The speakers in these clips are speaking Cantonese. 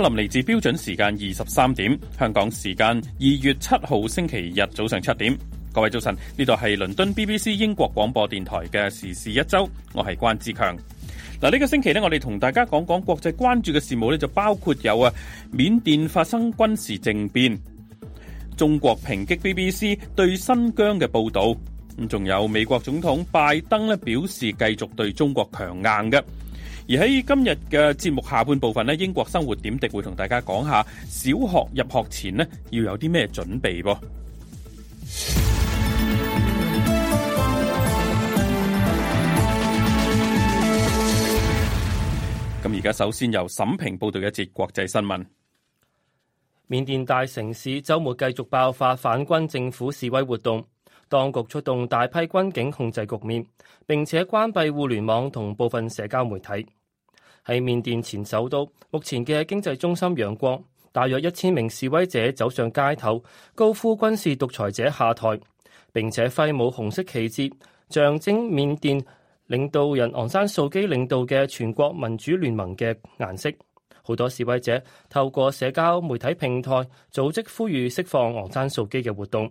格林嚟自標準時間二十三點，香港時間二月七號星期日早上七點。各位早晨，呢度係倫敦 BBC 英國廣播電台嘅時事一周，我係關志強。嗱，呢個星期咧，我哋同大家講講國際關注嘅事務咧，就包括有啊緬甸發生軍事政變，中國抨擊 BBC 對新疆嘅報道，咁仲有美國總統拜登咧表示繼續對中國強硬嘅。而喺今日嘅節目下半部分呢，英國生活點滴會同大家講下小學入學前呢，要有啲咩準備噃？咁而家首先由沈平報道一節國際新聞。緬甸大城市周末繼續爆發反軍政府示威活動，當局出動大批軍警控制局面，並且關閉互聯網同部分社交媒體。喺緬甸前首都，目前嘅經濟中心，仰光，大約一千名示威者走上街頭，高呼軍事獨裁者下台，並且揮舞紅色旗幟，象徵緬甸領導人昂山素姬領導嘅全國民主聯盟嘅顏色。好多示威者透過社交媒體平台組織呼籲釋放昂山素姬嘅活動，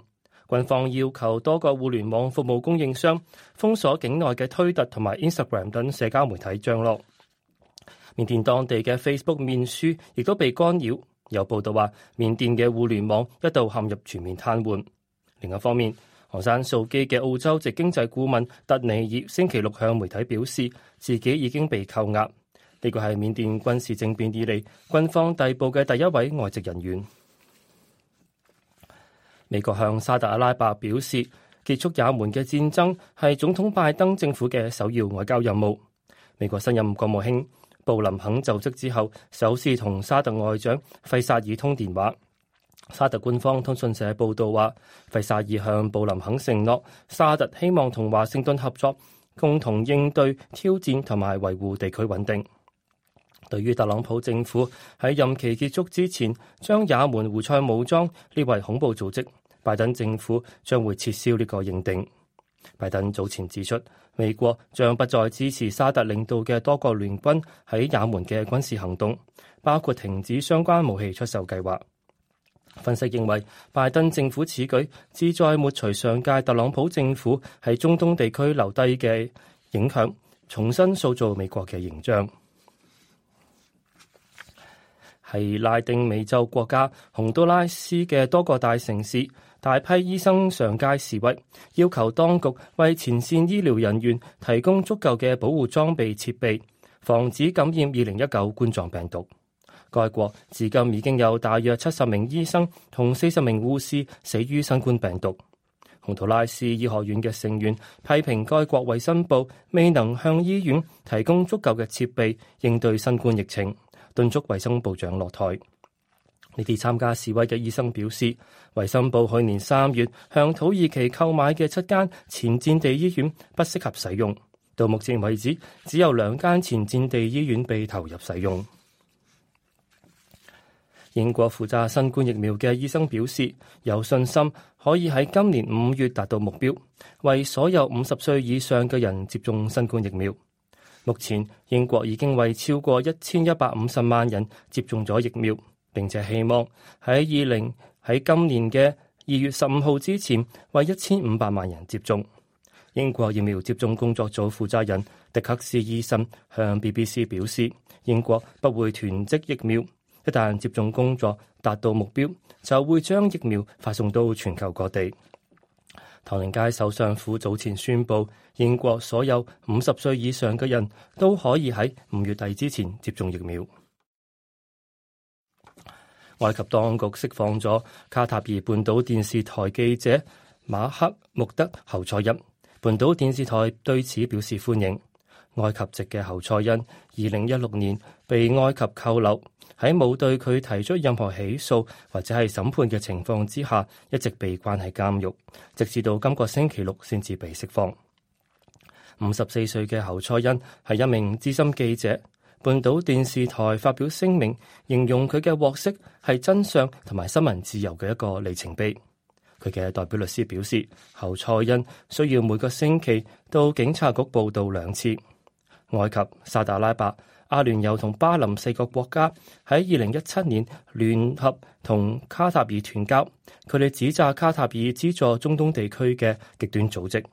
軍方要求多個互聯網服務供應商封鎖境外嘅推特同埋 Instagram 等社交媒體。帳落。緬甸當地嘅 Facebook 面書亦都被干擾，有報道話緬甸嘅互聯網一度陷入全面癱瘓。另一方面，昂山素姬嘅澳洲籍經濟顧問特尼爾星期六向媒體表示，自己已經被扣押。呢個係緬甸軍事政變以嚟軍方逮捕嘅第一位外籍人員。美國向沙特阿拉伯表示，結束也門嘅戰爭係總統拜登政府嘅首要外交任務。美國新任國務卿，布林肯就職之後，首次同沙特外長費薩爾通電話。沙特官方通訊社報道話，費薩爾向布林肯承諾，沙特希望同華盛頓合作，共同應對挑戰同埋維護地區穩定。對於特朗普政府喺任期結束之前將也門胡塞武裝列為恐怖組織，拜登政府將會撤銷呢個認定。拜登早前指出，美國將不再支持沙特領導嘅多國聯軍喺也門嘅軍事行動，包括停止相關武器出售計劃。分析認為，拜登政府此舉旨在抹除上屆特朗普政府喺中東地區留低嘅影響，重新塑造美國嘅形象。喺拉丁美洲國家洪都拉斯嘅多個大城市，大批醫生上街示威，要求當局為前線醫療人員提供足夠嘅保護裝備設備，防止感染二零一九冠狀病毒。該國至今已經有大約七十名醫生同四十名護士死於新冠病毒。洪圖拉斯醫學院嘅成員批評該國衞生部未能向醫院提供足夠嘅設備應對新冠疫情，敦促衞生部長落台。呢啲參加示威嘅醫生表示，衞生部去年三月向土耳其購買嘅七間前戰地醫院不適合使用。到目前為止，只有兩間前戰地醫院被投入使用。英國負責新冠疫苗嘅醫生表示，有信心可以喺今年五月達到目標，為所有五十歲以上嘅人接種新冠疫苗。目前英國已經為超過一千一百五十萬人接種咗疫苗。並且希望喺二零喺今年嘅二月十五號之前，為一千五百萬人接種。英國疫苗接種工作組負責人迪克斯醫生向 BBC 表示，英國不會囤積疫苗，一旦接種工作達到目標，就會將疫苗發送到全球各地。唐寧街首相府早前宣布，英國所有五十歲以上嘅人都可以喺五月底之前接種疫苗。埃及當局釋放咗卡塔爾半島電視台記者馬克穆德侯賽恩。半島電視台對此表示歡迎。埃及籍嘅侯賽恩，二零一六年被埃及扣留，喺冇對佢提出任何起訴或者係審判嘅情況之下，一直被關喺監獄，直至到今個星期六先至被釋放。五十四歲嘅侯賽恩係一名資深記者。半島電視台發表聲明，形容佢嘅獲釋係真相同埋新聞自由嘅一個里程碑。佢嘅代表律師表示，侯賽恩需要每個星期到警察局報到兩次。埃及、沙特阿拉伯、阿聯酋同巴林四個國家喺二零一七年聯合同卡塔爾斷交，佢哋指責卡塔爾資助中東地區嘅極端組織。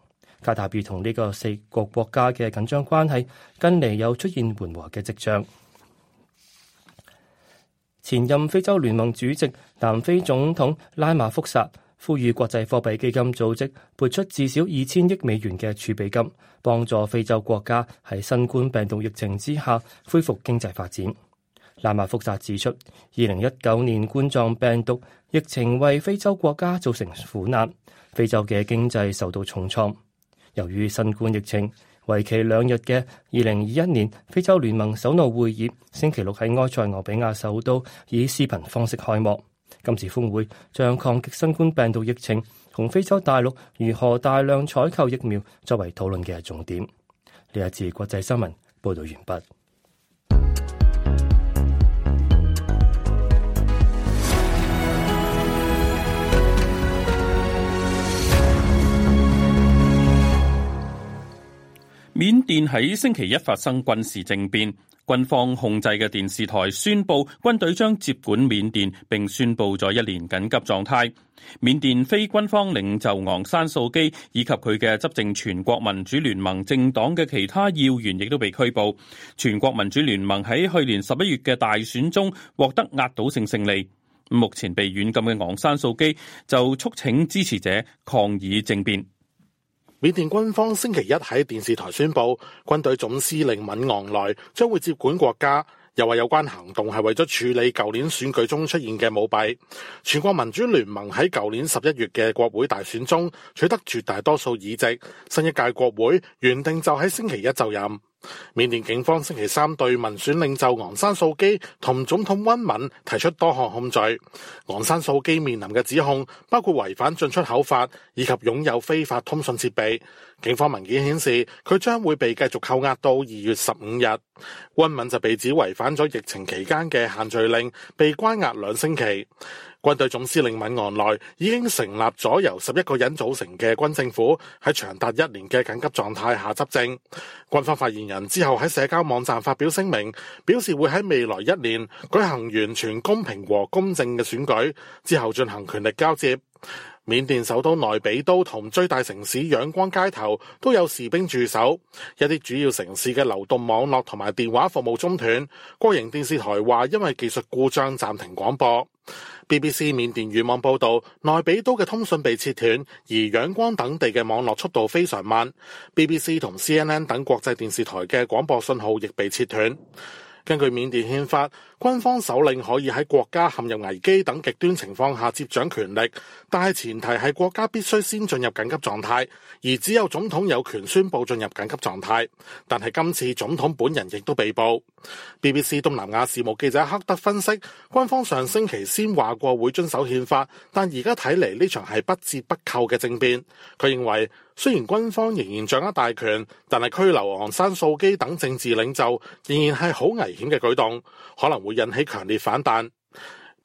卡塔爾同呢個四個國家嘅緊張關係，近嚟有出現緩和嘅跡象。前任非洲聯盟主席、南非總統拉馬福薩呼籲國際貨幣基金組織撥出至少二千億美元嘅儲備金，幫助非洲國家喺新冠病毒疫情之下恢復經濟發展。拉馬福薩指出，二零一九年冠狀病毒疫情為非洲國家造成苦難，非洲嘅經濟受到重創。由於新冠疫情，為期兩日嘅二零二一年非洲聯盟首腦會議，星期六喺埃塞俄比亞首都以視頻方式開幕。今次峰會將抗擊新冠病毒疫情同非洲大陸如何大量採購疫苗作為討論嘅重點。呢一次國際新聞報道完畢。緬甸喺星期一發生軍事政變，軍方控制嘅電視台宣佈軍隊將接管緬甸，並宣佈咗一年緊急狀態。緬甸非軍方領袖昂山素姬以及佢嘅執政全國民主聯盟政黨嘅其他要員亦都被拘捕。全國民主聯盟喺去年十一月嘅大選中獲得壓倒性勝利，目前被軟禁嘅昂山素姬就促請支持者抗議政變。緬甸軍方星期一喺電視台宣布，軍隊總司令敏昂萊將會接管國家，又話有關行動係為咗處理舊年選舉中出現嘅舞弊。全國民主聯盟喺舊年十一月嘅國會大選中取得絕大多數議席，新一屆國會原定就喺星期一就任。緬甸警方星期三對民選領袖昂山素基同總統温敏提出多項控罪。昂山素基面臨嘅指控包括違反進出口法以及擁有非法通訊設備。警方文件顯示，佢將會被繼續扣押到二月十五日。温敏就被指違反咗疫情期間嘅限聚令，被關押兩星期。軍隊總司令敏昂萊已經成立咗由十一個人組成嘅軍政府，喺長達一年嘅緊急狀態下執政。軍方發言人之後喺社交網站發表聲明，表示會喺未來一年舉行完全公平和公正嘅選舉，之後進行權力交接。緬甸首都內比都同最大城市仰光街頭都有士兵駐守，一啲主要城市嘅流動網絡同埋電話服務中斷。國營電視台話因為技術故障暫停廣播。BBC 緬甸語網報道，內比都嘅通訊被切斷，而仰光等地嘅網絡速度非常慢。BBC 同 CNN 等國際電視台嘅廣播信號亦被切斷。根據緬甸憲法，軍方首領可以喺國家陷入危機等極端情況下接掌權力，但係前提係國家必須先進入緊急狀態，而只有總統有權宣佈進入緊急狀態。但係今次總統本人亦都被捕。BBC 東南亞事務記者克德分析，軍方上星期先話過會遵守憲法，但而家睇嚟呢場係不折不扣嘅政變。佢認為。雖然軍方仍然掌握大權，但係拘留昂山素基等政治領袖仍然係好危險嘅舉動，可能會引起強烈反彈。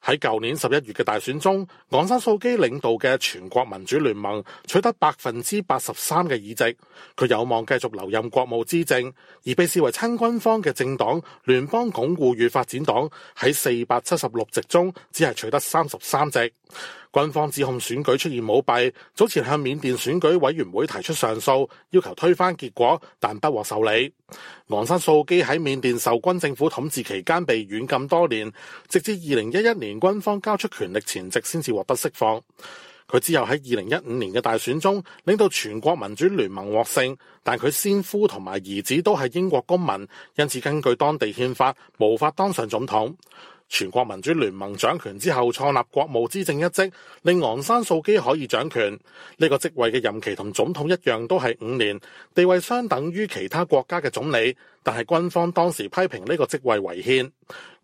喺舊年十一月嘅大選中，昂山素基領導嘅全國民主聯盟取得百分之八十三嘅議席，佢有望繼續留任國務資政。而被視為親軍方嘅政黨聯邦鞏固與發展黨喺四百七十六席中只係取得三十三席。軍方指控選舉出現舞弊，早前向緬甸選舉委員會提出上訴，要求推翻結果，但不獲受理。昂山素基喺緬甸受軍政府統治期間被軟禁多年，直至二零一一年軍方交出權力前夕，先至獲得釋放。佢之後喺二零一五年嘅大選中，領導全國民主聯盟獲勝，但佢先夫同埋兒子都係英國公民，因此根據當地憲法，無法當上總統。全國民主聯盟掌權之後，創立國務資政一職，令昂山素姬可以掌權。呢個職位嘅任期同總統一樣，都係五年，地位相等於其他國家嘅總理。但係軍方當時批評呢個職位違憲，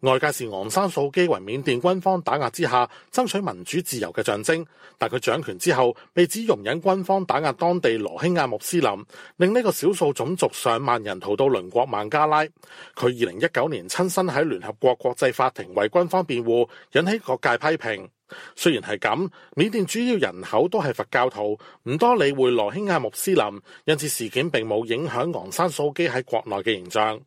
外界視昂山素基為緬甸軍方打壓之下爭取民主自由嘅象徵，但佢掌權之後被指容忍軍方打壓當地羅興亞穆斯林，令呢個少數種族上萬人逃到鄰國孟加拉。佢二零一九年親身喺聯合國國際法庭為軍方辯護，引起各界批評。雖然係咁，緬甸主要人口都係佛教徒，唔多理會羅興亞穆斯林，因此事件並冇影響昂山素基喺國內嘅形象。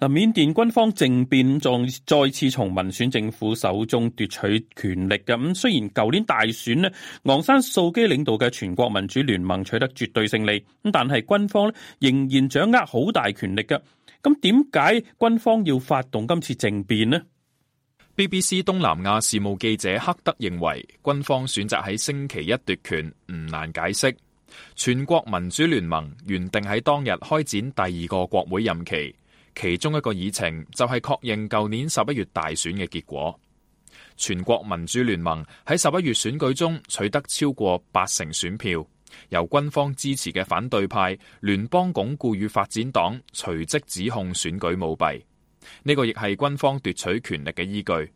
嗱，緬甸軍方政變，仲再次從民選政府手中奪取權力嘅。咁雖然舊年大選咧，昂山素基領導嘅全國民主聯盟取得絕對勝利，咁但係軍方咧仍然掌握好大權力嘅。咁點解軍方要發動今次政變呢？BBC 東南亞事務記者克德認為，軍方選擇喺星期一奪權唔難解釋。全國民主聯盟原定喺當日開展第二個國會任期，其中一個議程就係確認舊年十一月大選嘅結果。全國民主聯盟喺十一月選舉中取得超過八成選票，由軍方支持嘅反對派聯邦鞏固與發展黨隨即指控選舉舞弊。呢個亦係軍方奪取權力嘅依據，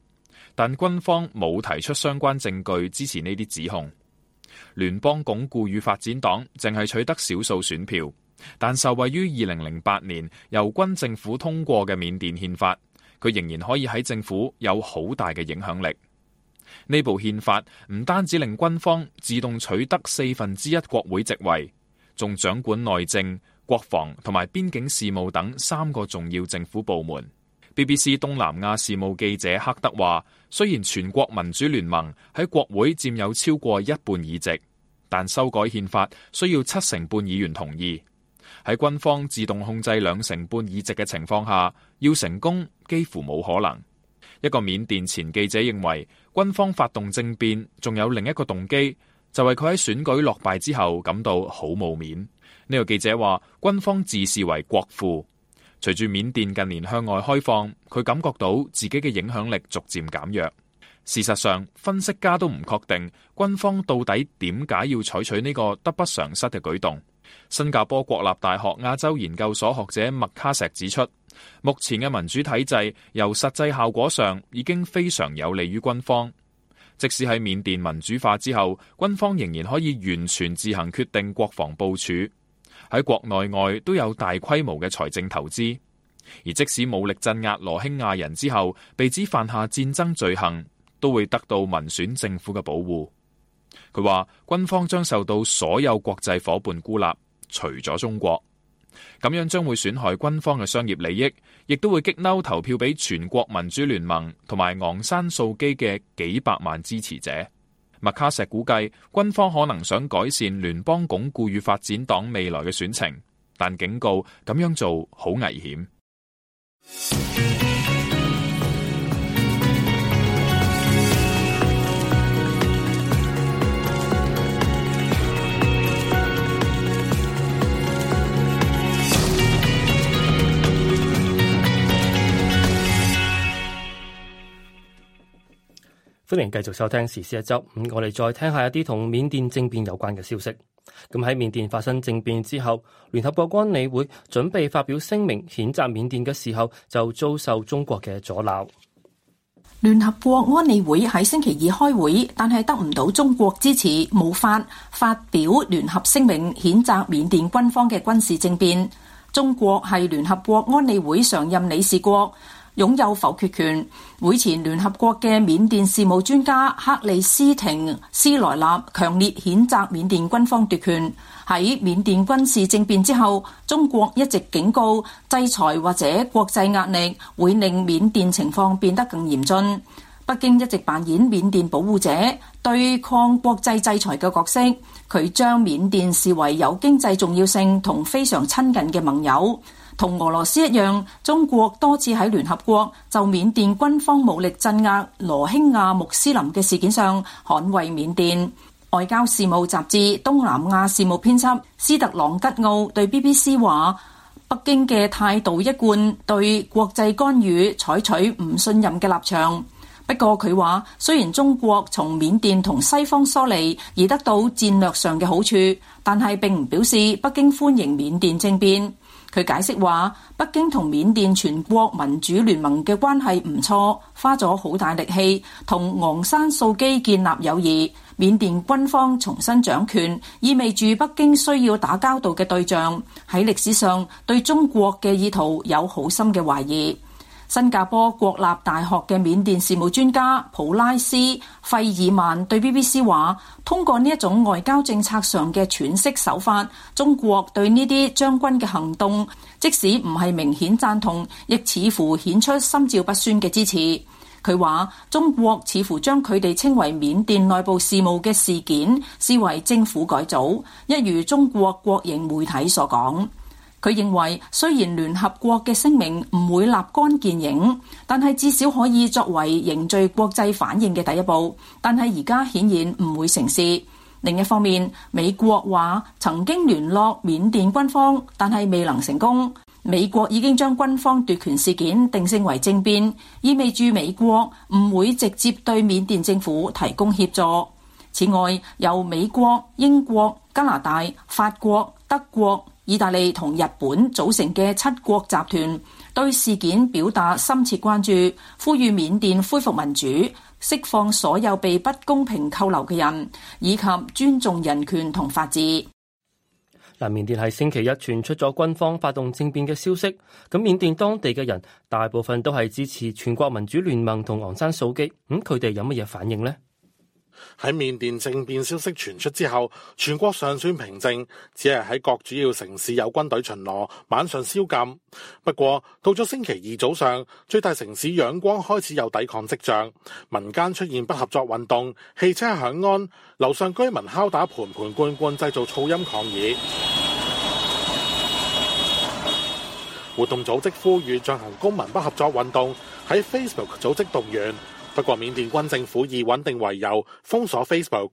但軍方冇提出相關證據支持呢啲指控。聯邦鞏固與發展黨淨係取得少數選票，但受惠於二零零八年由軍政府通過嘅緬甸憲法，佢仍然可以喺政府有好大嘅影響力。呢部憲法唔單止令軍方自動取得四分之一國會席位，仲掌管內政、國防同埋邊境事務等三個重要政府部門。BBC 東南亞事務記者黑德話：雖然全國民主聯盟喺國會佔有超過一半議席，但修改憲法需要七成半議員同意。喺軍方自動控制兩成半議席嘅情況下，要成功幾乎冇可能。一個緬甸前記者認為，軍方發動政變仲有另一個動機，就係佢喺選舉落敗之後感到好冇面。呢、這個記者話：軍方自視為國父。隨住緬甸近年向外開放，佢感覺到自己嘅影響力逐漸減弱。事實上，分析家都唔確定軍方到底點解要採取呢個得不償失嘅舉動。新加坡國立大學亞洲研究所學者麥卡錫指出，目前嘅民主體制由實際效果上已經非常有利於軍方，即使喺緬甸民主化之後，軍方仍然可以完全自行決定國防部署。喺國內外都有大規模嘅財政投資，而即使武力鎮壓羅興亞人之後被指犯下戰爭罪行，都會得到民選政府嘅保護，佢話軍方將受到所有國際伙伴孤立，除咗中國，咁樣將會損害軍方嘅商業利益，亦都會激嬲投票俾全國民主聯盟同埋昂山素基嘅幾百萬支持者。麥卡錫估計軍方可能想改善聯邦鞏固與發展黨未來嘅選情，但警告咁樣做好危險。歡迎繼續收聽時事一周。嗯，我哋再聽下一啲同緬甸政變有關嘅消息。咁喺緬甸發生政變之後，聯合國安理會準備發表聲明譴責緬甸嘅時候，就遭受中國嘅阻撓。聯合國安理會喺星期二開會，但係得唔到中國支持，冇法發表聯合聲明譴責緬甸軍方嘅軍事政變。中國係聯合國安理會常任理事國。擁有否決權。會前，聯合國嘅緬甸事務專家克里斯廷斯萊納強烈譴責緬甸軍方奪權。喺緬甸軍事政變之後，中國一直警告制裁或者國際壓力會令緬甸情況變得更嚴峻。北京一直扮演緬甸保護者，對抗國際制裁嘅角色。佢將緬甸視為有經濟重要性同非常親近嘅盟友。同俄羅斯一樣，中國多次喺聯合國就緬甸軍方武力鎮壓羅興亞穆斯林嘅事件上捍衛緬甸。外交事務雜誌東南亞事務編輯斯特朗吉奧對 BBC 話：北京嘅態度一貫對國際干預採取唔信任嘅立場。不過佢話，雖然中國從緬甸同西方疏離而得到戰略上嘅好處，但係並唔表示北京歡迎緬甸政變。佢解釋話：北京同緬甸全國民主聯盟嘅關係唔錯，花咗好大力氣同昂山素姬建立友誼。緬甸軍方重新掌權，意味住北京需要打交道嘅對象喺歷史上對中國嘅意圖有好深嘅懷疑。新加坡國立大學嘅緬甸事務專家普拉斯費爾曼對 BBC 話：通過呢一種外交政策上嘅喘息手法，中國對呢啲將軍嘅行動，即使唔係明顯贊同，亦似乎顯出心照不宣嘅支持。佢話：中國似乎將佢哋稱為緬甸內部事務嘅事件，視為政府改組，一如中國國營媒體所講。佢認為，雖然聯合國嘅聲明唔會立竿見影，但係至少可以作為凝聚國際反應嘅第一步。但係而家顯然唔會成事。另一方面，美國話曾經聯絡緬甸軍方，但係未能成功。美國已經將軍方奪權事件定性為政變，意味住美國唔會直接對緬甸政府提供協助。此外，由美國、英國、加拿大、法國、德國、意大利同日本組成嘅七國集團對事件表達深切關注，呼籲緬甸恢復民主，釋放所有被不公平扣留嘅人，以及尊重人權同法治。嗱，緬甸係星期一傳出咗軍方發動政變嘅消息，咁緬甸當地嘅人大部分都係支持全國民主聯盟同昂山素姬，咁佢哋有乜嘢反應咧？喺緬甸政變消息傳出之後，全國尚算平靜，只係喺各主要城市有軍隊巡邏，晚上宵禁。不過到咗星期二早上，最大城市仰光開始有抵抗跡象，民間出現不合作運動，汽車響安，樓上居民敲打盆盆罐罐製造噪音抗議。 活動組織呼籲進行公民不合作運動，喺 Facebook 組織動員。不過，緬甸軍政府以穩定為由封鎖 Facebook。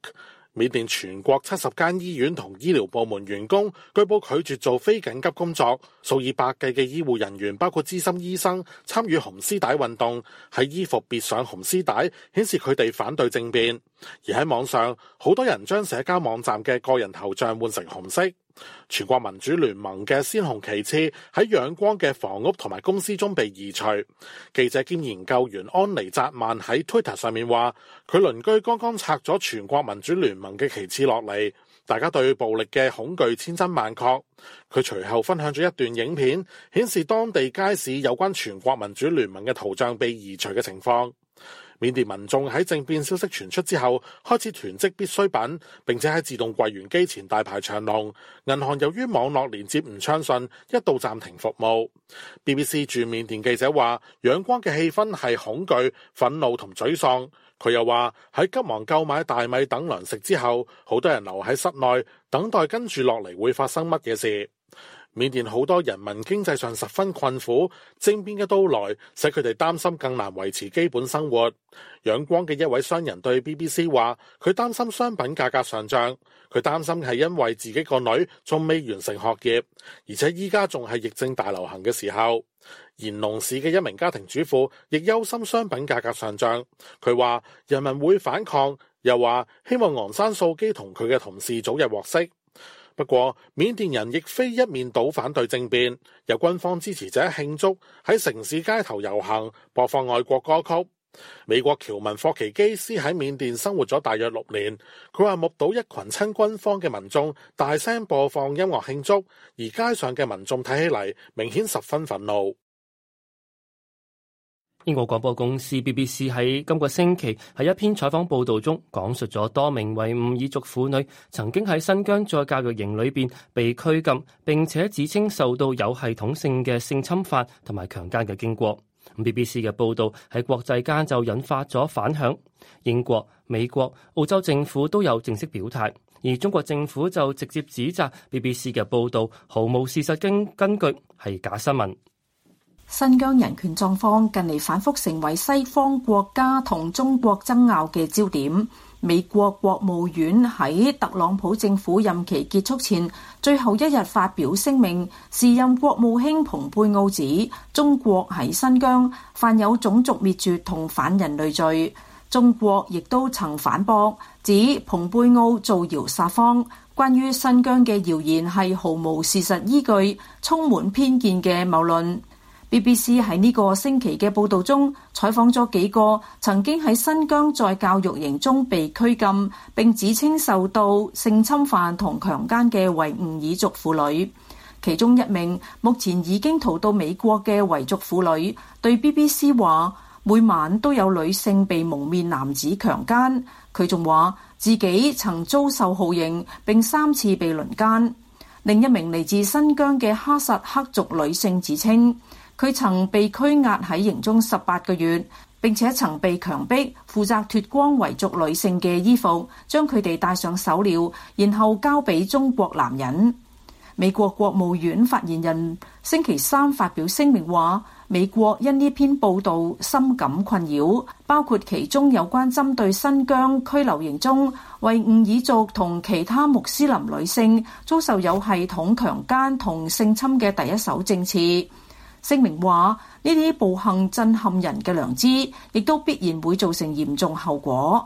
緬甸全國七十間醫院同醫療部門員工據報拒絕做非緊急工作，數以百計嘅醫護人員包括資深醫生參與紅絲帶運動，喺衣服別上紅絲帶，顯示佢哋反對政變。而喺網上，好多人將社交網站嘅個人頭像換成紅色。全國民主聯盟嘅鮮紅旗幟喺仰光嘅房屋同埋公司中被移除。記者兼研究員安妮・扎曼喺 Twitter 上面話：佢鄰居剛剛拆咗全國民主聯盟嘅旗幟落嚟，大家對暴力嘅恐懼千真萬確。佢隨後分享咗一段影片，顯示當地街市有關全國民主聯盟嘅圖像被移除嘅情況。緬甸民眾喺政變消息傳出之後，開始囤積必需品，並且喺自動櫃員機前大排長龍。銀行由於網絡連接唔暢順，一度暫停服務。BBC 駐緬甸記者話，仰光嘅氣氛係恐懼、憤怒同沮喪。佢又話喺急忙購買大米等糧食之後，好多人留喺室內等待跟住落嚟會發生乜嘢事。緬甸好多人民經濟上十分困苦，政變嘅到來使佢哋擔心更難維持基本生活。仰光嘅一位商人對 BBC 話，佢擔心商品價格上漲，佢擔心係因為自己個女仲未完成學業，而且依家仲係疫症大流行嘅時候。延龍市嘅一名家庭主婦亦憂心商品價格上漲，佢話人民會反抗，又話希望昂山素姬同佢嘅同事早日獲釋。不過，緬甸人亦非一面倒反對政變，有軍方支持者慶祝喺城市街頭遊行，播放愛國歌曲。美國僑民霍奇基斯喺緬甸生活咗大約六年，佢話目睹一群親軍方嘅民眾大聲播放音樂慶祝，而街上嘅民眾睇起嚟明顯十分憤怒。英國廣播公司 BBC 喺今個星期喺一篇採訪報道中，講述咗多名維吾爾族婦女曾經喺新疆再教育營裏邊被拘禁，並且指稱受到有系統性嘅性侵犯同埋強姦嘅經過。BBC 嘅報道喺國際間就引發咗反響，英國、美國、澳洲政府都有正式表態，而中國政府就直接指責 BBC 嘅報道毫無事實根根據，係假新聞。新疆人權狀況近嚟反覆成為西方國家同中國爭拗嘅焦點。美國國務院喺特朗普政府任期結束前最後一日發表聲明，時任國務卿蓬佩奧指中國喺新疆犯有種族滅絕同反人類罪。中國亦都曾反駁，指蓬佩奧造謠撒謊，關於新疆嘅謠言係毫無事實依據、充滿偏見嘅謬論。BBC 喺呢個星期嘅報導中，採訪咗幾個曾經喺新疆在教育營中被拘禁並指稱受到性侵犯同強奸嘅維吾爾族婦女。其中一名目前已經逃到美國嘅維族婦女對 BBC 話：「每晚都有女性被蒙面男子強奸。」佢仲話自己曾遭受酷刑並三次被輪奸。另一名嚟自新疆嘅哈薩克族女性指稱，佢曾被拘押喺營中十八個月，並且曾被強迫負責脱光維族女性嘅衣服，將佢哋戴上手鐐，然後交俾中國男人。美國國務院發言人星期三發表聲明話，美國因呢篇報道深感困擾，包括其中有關針對新疆拘留營中維吾爾族同其他穆斯林女性遭受有系統強奸同性侵嘅第一手政策。聲明話：呢啲暴行震撼人嘅良知，亦都必然會造成嚴重後果。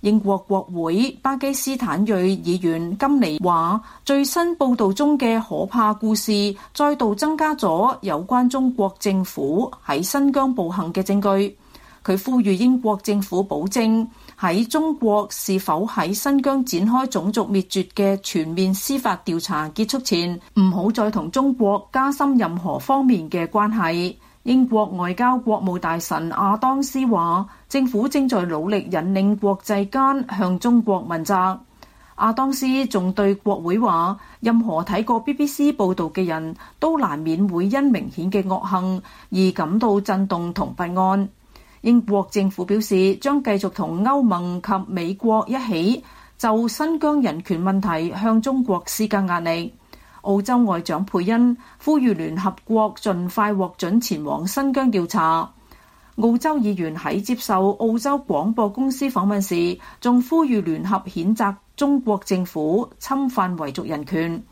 英國國會巴基斯坦裔議員金尼話：最新報導中嘅可怕故事，再度增加咗有關中國政府喺新疆暴行嘅證據。佢呼籲英國政府保證，喺中國是否喺新疆展開種族滅絕嘅全面司法調查結束前，唔好再同中國加深任何方面嘅關係。英國外交國務大臣阿當斯話，政府正在努力引領國際間向中國問責。阿當斯仲對國會話，任何睇過 BBC 報導嘅人都難免會因明顯嘅惡行而感到震動同不安。英國政府表示，將繼續同歐盟及美國一起就新疆人權問題向中國施加壓力。澳洲外長佩恩呼籲聯合國盡快獲准前往新疆調查。澳洲議員喺接受澳洲廣播公司訪問時，仲呼籲聯合譴責中國政府侵犯維族人權。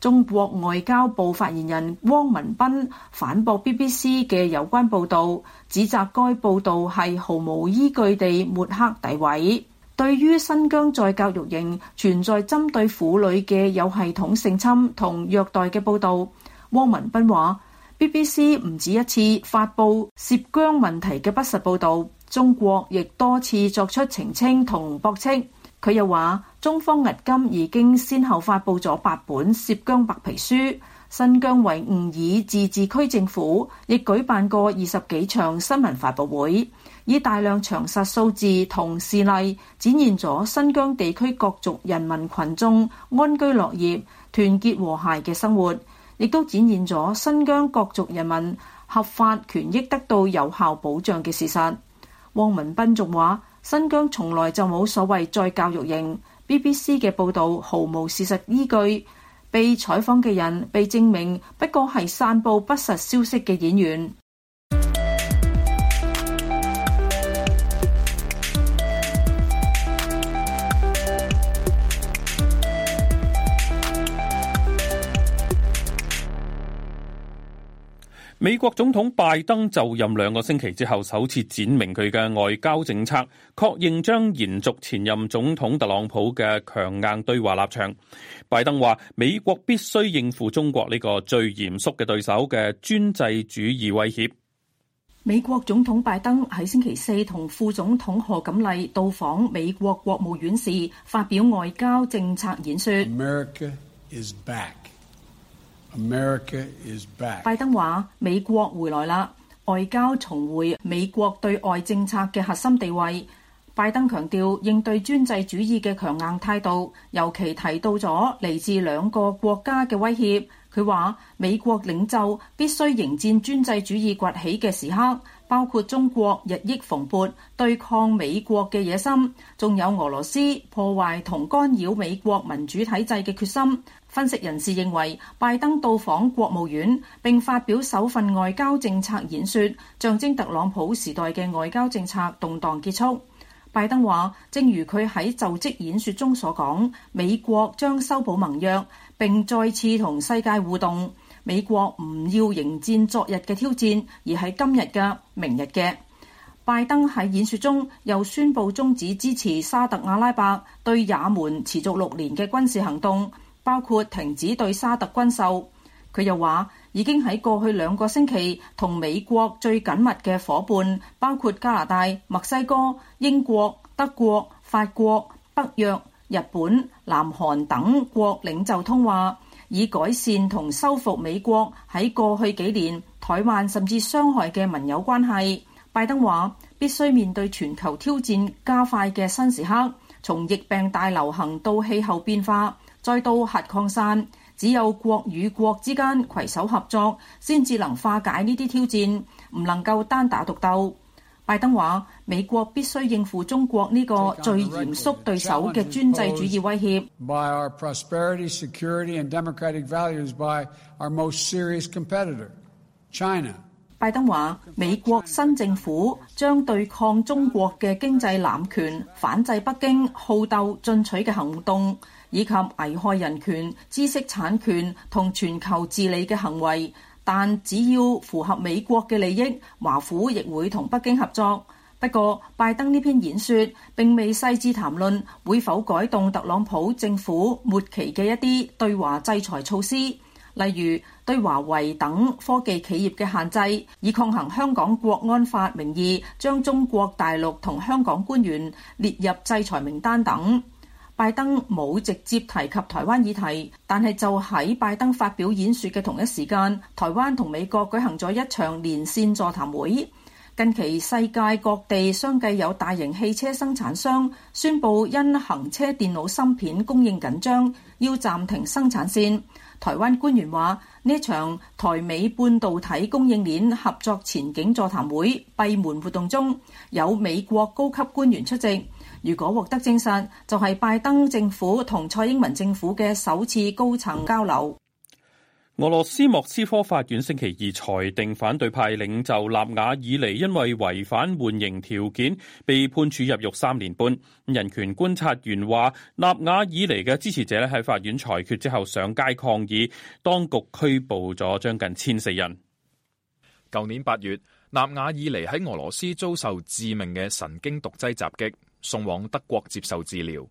中國外交部發言人汪文斌反駁 BBC 嘅有關報導，指責該報導係毫無依據地抹黑詆毀。對於新疆再教育營存在針對婦女嘅有系統性侵同虐待嘅報導，汪文斌話：BBC 唔止一次發布涉疆問題嘅不實報導，中國亦多次作出澄清同駁斥。佢又話。中方迄今已經先後發布咗八本涉疆白皮書，新疆維吾爾自治區政府亦舉辦過二十幾場新聞發佈會，以大量詳實數字同事例，展現咗新疆地區各族人民群眾安居樂業、團結和諧嘅生活，亦都展現咗新疆各族人民合法權益得到有效保障嘅事實。汪文斌仲話：新疆從來就冇所謂再教育營。BBC 嘅報導毫無事實依據，被採訪嘅人被證明不過係散佈不實消息嘅演員。美國總統拜登就任兩個星期之後，首次闡明佢嘅外交政策，確認將延續前任總統特朗普嘅強硬對話立場。拜登話：美國必須應付中國呢個最嚴肅嘅對手嘅專制主義威脅。美國總統拜登喺星期四同副總統賀錦麗到訪美國國務院時，發表外交政策演說。America is back. 拜登話：美國回來啦，外交重回美國對外政策嘅核心地位。拜登強調應對專制主義嘅強硬態度，尤其提到咗嚟自兩個國家嘅威脅。佢話美國領袖必須迎戰專制主義崛起嘅時刻，包括中國日益蓬勃對抗美國嘅野心，仲有俄羅斯破壞同干擾美國民主體制嘅決心。分析人士認為，拜登到訪國務院並發表首份外交政策演說，象徵特朗普時代嘅外交政策動盪結束。拜登話，正如佢喺就職演說中所講，美國將修補盟約並再次同世界互動。美國唔要迎戰昨日嘅挑戰，而係今日嘅明日嘅。拜登喺演說中又宣布終止支持沙特阿拉伯對也門持續六年嘅軍事行動。包括停止對沙特軍售。佢又話，已經喺過去兩個星期同美國最緊密嘅伙伴，包括加拿大、墨西哥、英國、德國、法國、北約、日本、南韓等國領袖通話，以改善同修復美國喺過去幾年怠慢甚至傷害嘅盟友關係。拜登話，必須面對全球挑戰加快嘅新時刻，從疫病大流行到氣候變化。再到核擴散，只有國與國之間攜手合作，先至能化解呢啲挑戰，唔能夠單打獨鬥。拜登話：美國必須應付中國呢個最嚴肅對手嘅專制主義威脅。拜登話：美國新政府將對抗中國嘅經濟濫權，反制北京好鬥進取嘅行動。以及危害人權、知識產權同全球治理嘅行為，但只要符合美國嘅利益，華府亦會同北京合作。不過拜登呢篇演說並未細緻談論會否改動特朗普政府末期嘅一啲對華制裁措施，例如對華為等科技企業嘅限制，以抗衡香港國安法名義將中國大陸同香港官員列入制裁名單等。拜登冇直接提及台灣議題，但係就喺拜登發表演說嘅同一時間，台灣同美國舉行咗一場連線座談會。近期世界各地相繼有大型汽車生產商宣布因行車電腦芯片供應緊張，要暫停生產線。台灣官員話呢場台美半導體供應鏈合作前景座談會閉門活動中有美國高級官員出席。如果獲得證實，就係、是、拜登政府同蔡英文政府嘅首次高層交流。俄羅斯莫斯科法院星期二裁定反對派領袖納瓦爾尼因為違反緩刑條件，被判處入獄三年半。人權觀察員話，納瓦爾尼嘅支持者喺法院裁決之後上街抗議，當局拘捕咗將近千四人。舊年八月，納瓦爾尼喺俄羅斯遭受致命嘅神經毒劑襲擊。送往德國接受治療，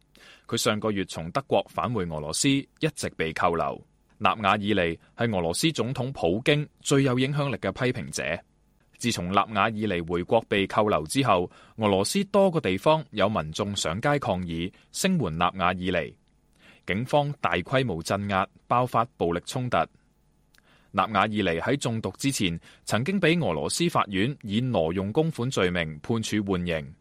佢上個月從德國返回俄羅斯，一直被扣留。納瓦爾尼係俄羅斯總統普京最有影響力嘅批評者。自從納瓦爾尼回國被扣留之後，俄羅斯多個地方有民眾上街抗議，聲援納瓦爾尼，警方大規模鎮壓，爆發暴力衝突。納瓦爾尼喺中毒之前，曾經俾俄羅斯法院以挪用公款罪名判處緩刑。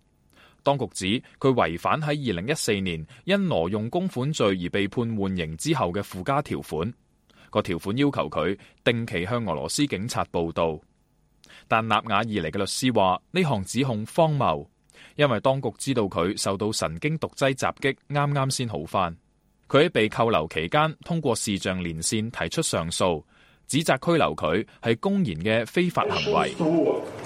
當局指佢違反喺二零一四年因挪用公款罪而被判緩刑之後嘅附加條款，個條款要求佢定期向俄羅斯警察報道。但納瓦爾尼嘅律師話呢項指控荒謬，因為當局知道佢受到神經毒劑襲擊，剛剛，啱啱先好返。佢喺被扣留期間通過視像連線提出上訴，指責拘留佢係公然嘅非法行為。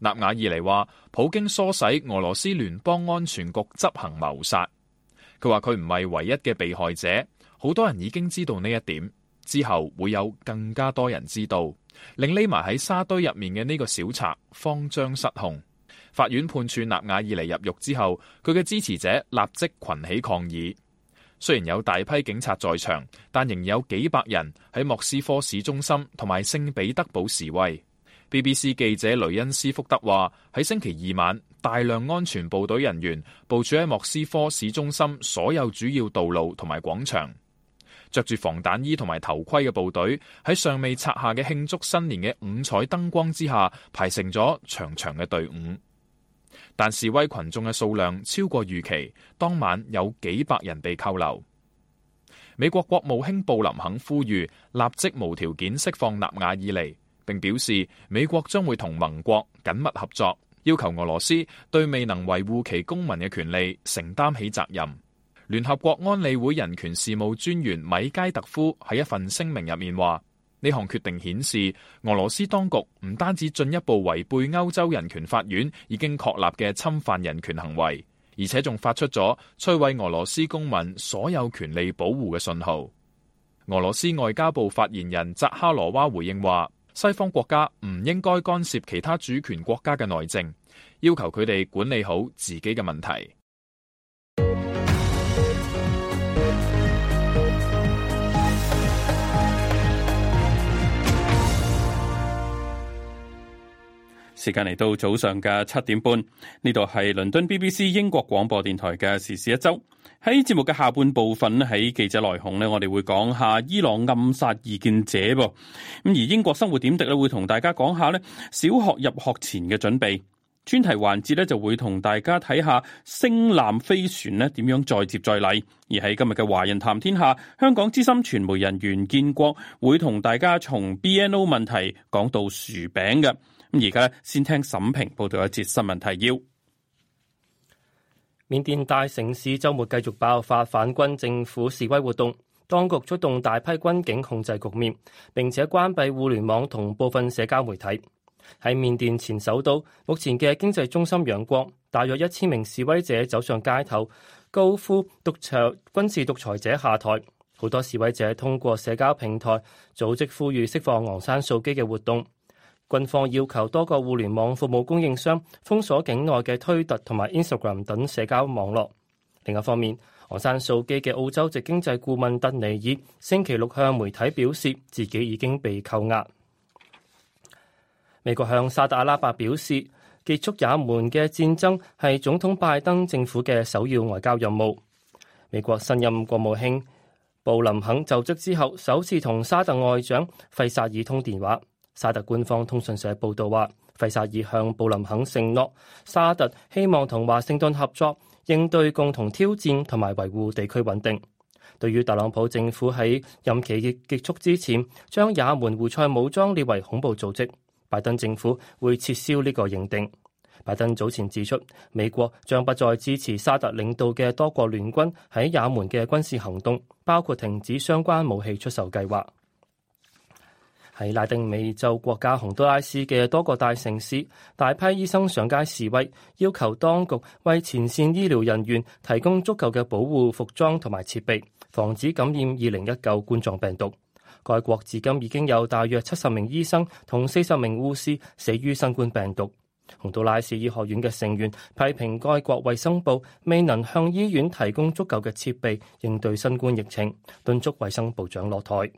納瓦爾尼話：普京唆使俄羅斯聯邦安全局執行謀殺。佢話佢唔係唯一嘅被害者，好多人已經知道呢一點，之後會有更加多人知道，令匿埋喺沙堆入面嘅呢個小賊慌張失控。法院判處納瓦爾尼入獄之後，佢嘅支持者立即群起抗議。雖然有大批警察在場，但仍有幾百人喺莫斯科市中心同埋聖彼得堡示威。BBC 記者雷恩斯福德話：喺星期二晚，大量安全部隊人員部署喺莫斯科市中心所有主要道路同埋廣場，着住防彈衣同埋頭盔嘅部隊喺尚未拆下嘅慶祝新年嘅五彩燈光之下排成咗長長嘅隊伍。但示威群眾嘅數量超過預期，當晚有幾百人被扣留。美國國務卿布林肯呼籲立即無條件釋放納瓦爾尼。並表示，美國將會同盟國緊密合作，要求俄羅斯對未能維護其公民嘅權利承擔起責任。聯合國安理會人權事務專員米佳特夫喺一份聲明入面話：呢項決定顯示俄羅斯當局唔單止進一步違背歐洲人權法院已經確立嘅侵犯人權行為，而且仲發出咗摧毀俄羅斯公民所有權利保護嘅信號。俄羅斯外交部發言人扎哈羅娃回應話。西方國家唔應該干涉其他主權國家嘅內政，要求佢哋管理好自己嘅問題。時間嚟到早上嘅七點半，呢度係倫敦 BBC 英國廣播電台嘅時事一周。喺節目嘅下半部分，喺記者來鴻咧，我哋會講下伊朗暗殺異見者噃。咁而英國生活點滴咧，會同大家講下咧小學入學前嘅準備專題環節咧，就會同大家睇下星艦飛船咧點樣再接再厲。而喺今日嘅華人談天下，香港資深傳媒人袁建國會同大家從 BNO 問題講到薯餅嘅。咁而家先聽沈平報道一節新聞提要。緬甸大城市周末繼續爆發反軍政府示威活動，當局出動大批軍警控制局面，並且關閉互聯網同部分社交媒體。喺緬甸前首都、目前嘅經濟中心仰光，大約一千名示威者走上街頭，高呼獨裁軍事獨裁者下台。好多示威者通過社交平台組織呼籲釋放昂山素姬嘅活動。軍方要求多個互聯網服務供應商封鎖境內嘅推特同埋 Instagram 等社交網絡。另一方面，昂山素姬嘅澳洲籍經濟顧問德尼爾星期六向媒體表示，自己已經被扣押。美國向沙特阿拉伯表示，結束也門嘅戰爭係總統拜登政府嘅首要外交任務。美國新任國務卿布林肯就職之後，首次同沙特外長費薩爾通電話。沙特官方通訊社報道話，費薩爾向布林肯承諾，沙特希望同華盛頓合作，應對共同挑戰同埋維護地區穩定。對於特朗普政府喺任期結束之前將也門胡塞武裝列為恐怖組織，拜登政府會撤銷呢個認定。拜登早前指出，美國將不再支持沙特領導嘅多國聯軍喺也門嘅軍事行動，包括停止相關武器出售計劃。喺拉丁美洲國家洪都拉斯嘅多個大城市，大批醫生上街示威，要求當局為前綫醫療人員提供足夠嘅保護服裝同埋設備，防止感染二零一九冠狀病毒。該國至今已經有大約七十名醫生同四十名護士死於新冠病毒。洪都拉斯醫學院嘅成員批評該國衛生部未能向醫院提供足夠嘅設備應對新冠疫情，敦促衛生部長落台。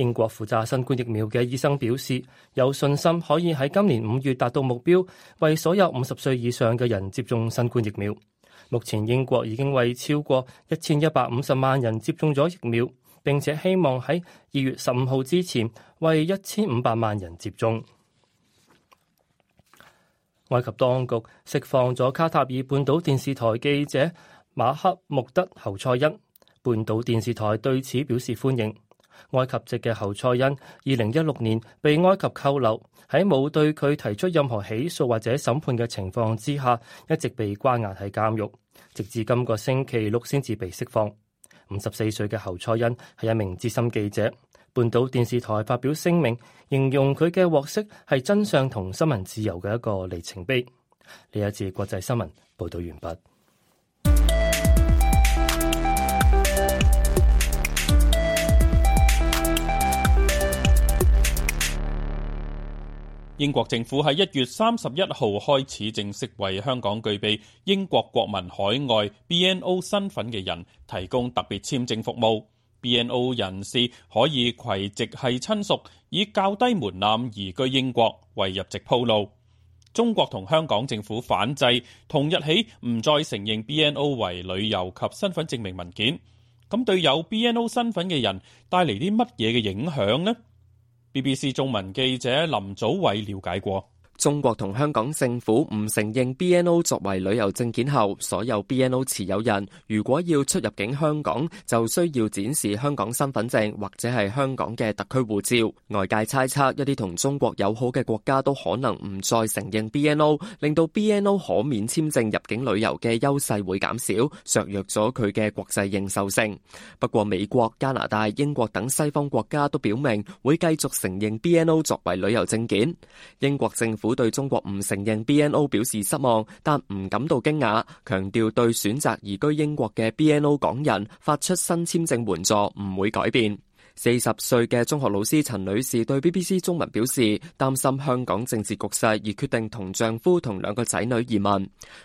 英國負責新冠疫苗嘅醫生表示，有信心可以喺今年五月達到目標，為所有五十歲以上嘅人接種新冠疫苗。目前英國已經為超過一千一百五十萬人接種咗疫苗，並且希望喺二月十五號之前為一千五百萬人接種。埃及當局釋放咗卡塔爾半島電視台記者馬克穆德侯賽恩，半島電視台對此表示歡迎。埃及籍嘅侯賽恩，二零一六年被埃及扣留，喺冇對佢提出任何起訴或者審判嘅情況之下，一直被關押喺監獄，直至今個星期六先至被釋放。五十四歲嘅侯賽恩係一名資深記者，半島電視台發表聲明，形容佢嘅獲釋係真相同新聞自由嘅一個里程碑。呢一次國際新聞報道完畢。英國政府喺一月三十一號開始正式為香港具備英國國民海外 BNO 身份嘅人提供特別簽證服務。BNO 人士可以攜直系親屬，以較低門檻移居英國，為入籍鋪路。中國同香港政府反制，同日起唔再承認 BNO 為旅遊及身份證明文件。咁對有 BNO 身份嘅人帶嚟啲乜嘢嘅影響呢？BBC 中文記者林祖偉了解過。中國同香港政府唔承認對中國唔承認 BNO 表示失望，但唔感到驚訝，強調對選擇移居英國嘅 BNO 港人發出新簽證援助唔會改變。四十歲嘅中學老師陳女士對 BBC 中文表示擔心香港政治局勢而決定同丈夫同兩個仔女移民。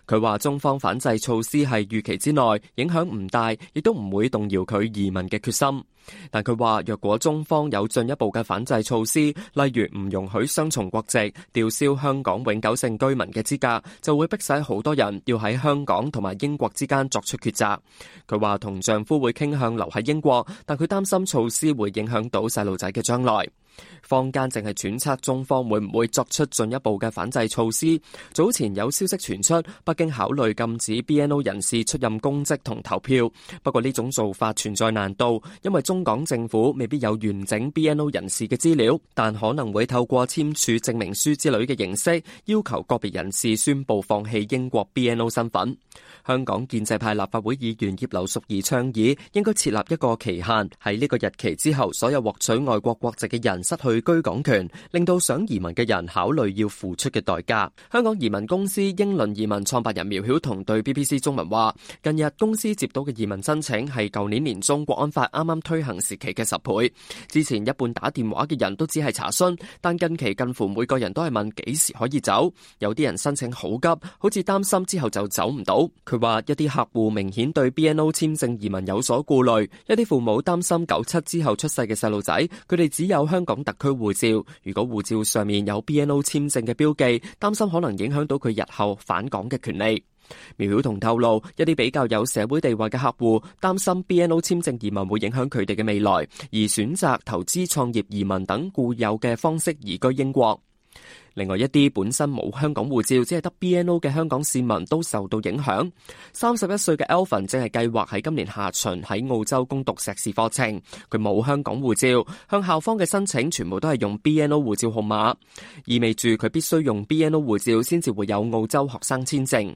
佢話中方反制措施係預期之內，影響唔大，亦都唔會動搖佢移民嘅決心。但佢話，若果中方有進一步嘅反制措施，例如唔容許雙重國籍、吊銷香港永久性居民嘅資格，就會逼使好多人要喺香港同埋英國之間作出抉擇。佢話同丈夫會傾向留喺英國，但佢擔心措施會影響到細路仔嘅將來。坊間淨係揣測中方會唔會作出進一步嘅反制措施。早前有消息傳出，北京考慮禁止 BNO 人士出任公職同投票。不過呢種做法存在難度，因為中港政府未必有完整 BNO 人士嘅資料，但可能會透過簽署證明書之類嘅形式，要求個別人士宣布放棄英國 BNO 身份。香港建制派立法會議員葉劉淑儀倡議，應該設立一個期限，喺呢個日期之後，所有獲取外國國籍嘅人。失去居港權，令到想移民嘅人考慮要付出嘅代價。香港移民公司英倫移民創辦人苗曉彤對 BBC 中文話，近日公司接到嘅移民申請係舊年年中國安法啱啱推行時期嘅十倍。之前一半打電話嘅人都只係查詢，但近期近乎每個人都係問幾時可以走。有啲人申請好急，好似擔心之後就走唔到。佢話一啲客戶明顯對 BNO 簽證移民有所顧慮，一啲父母擔心九七之後出世嘅細路仔，佢哋只有香港特區護照，如果護照上面有 BNO 簽證嘅標記，擔心可能影響到佢日後返港嘅權利。苗曉彤透露，一啲比較有社會地位嘅客戶，擔心 BNO 簽證移民會影響佢哋嘅未來，而選擇投資創業移民等固有嘅方式移居英國。另外一啲本身冇香港護照，只係得 BNO 嘅香港市民都受到影響。三十一歲嘅 Elvin 正係計劃喺今年下旬喺澳洲攻讀碩士課程，佢冇香港護照，向校方嘅申請全部都係用 BNO 護照號碼，意味住佢必須用 BNO 護照先至會有澳洲學生簽證。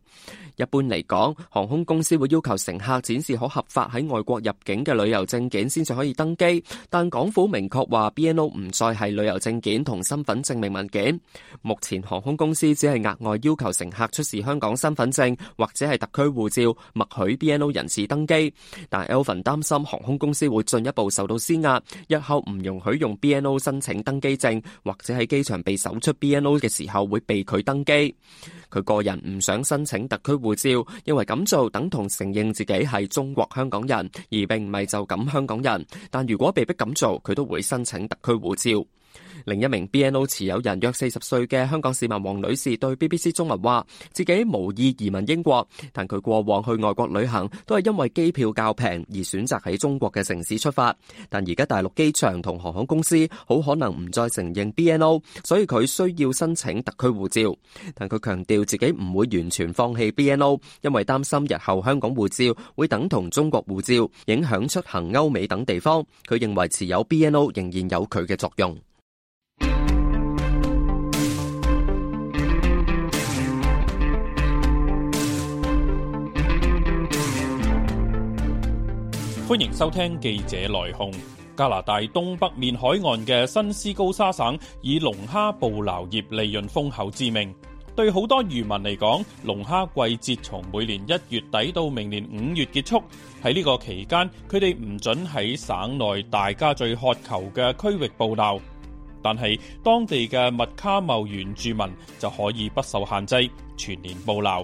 一般嚟講，航空公司會要求乘客展示好合法喺外國入境嘅旅遊證件，先至可以登機，但港府明確話 BNO 唔再係旅遊證件同身份證明文件。目前航空公司只係額外要求乘客出示香港身份證或者係特區護照，默許 BNO 人士登機。但 Alvin 擔心航空公司會進一步受到施壓，日後唔容許用 BNO 申請登機證，或者喺機場被搜出 BNO 嘅時候會被拒登機。佢個人唔想申請特區護照，因為咁做等同承認自己係中國香港人，而並唔係就咁香港人。但如果被逼咁做，佢都會申請特區護照。另一名 BNO 持有人約四十歲嘅香港市民黃女士對 BBC 中文話，自己無意移民英國，但佢過往去外國旅行都係因為機票較平而選擇喺中國嘅城市出發。但而家大陸機場同航空公司好可能唔再承認 BNO，所以佢需要申請特區護照。但佢強調自己唔會完全放棄 BNO，因為擔心日後香港護照會等同中國護照，影響出行歐美等地方。佢認為持有 BNO 仍然有佢嘅作用。歡迎收聽記者來鴻。加拿大東北面海岸嘅新斯高沙省以龍蝦捕撈業利潤豐厚知名，對好多漁民嚟講，龍蝦季節從每年一月底到明年五月結束。喺呢個期間，佢哋唔准喺省內大家最渴求嘅區域捕撈。但係當地嘅密卡茂原住民就可以不受限制全年捕撈。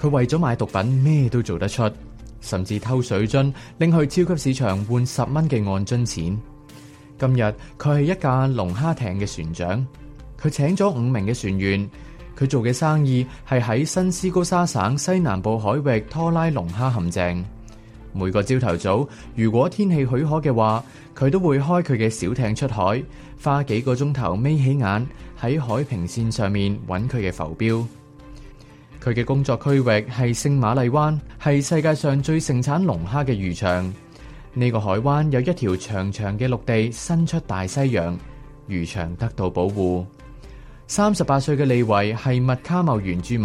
佢為咗買毒品咩都做得出，甚至偷水樽，拎去超級市場換十蚊嘅按樽錢。今日佢係一架龍蝦艇嘅船長，佢請咗五名嘅船員。佢做嘅生意係喺新斯高沙省西南部海域拖拉龍蝦陷阱。每個朝頭早，如果天氣許可嘅話，佢都會開佢嘅小艇出海，花幾個鐘頭眯起眼喺海平線上面揾佢嘅浮標。佢嘅工作區域係聖瑪麗灣，係世界上最盛產龍蝦嘅漁場。呢個海灣有一條長長嘅陸地伸出大西洋，漁場得到保護。三十八歲嘅利維係麥卡茂原住民。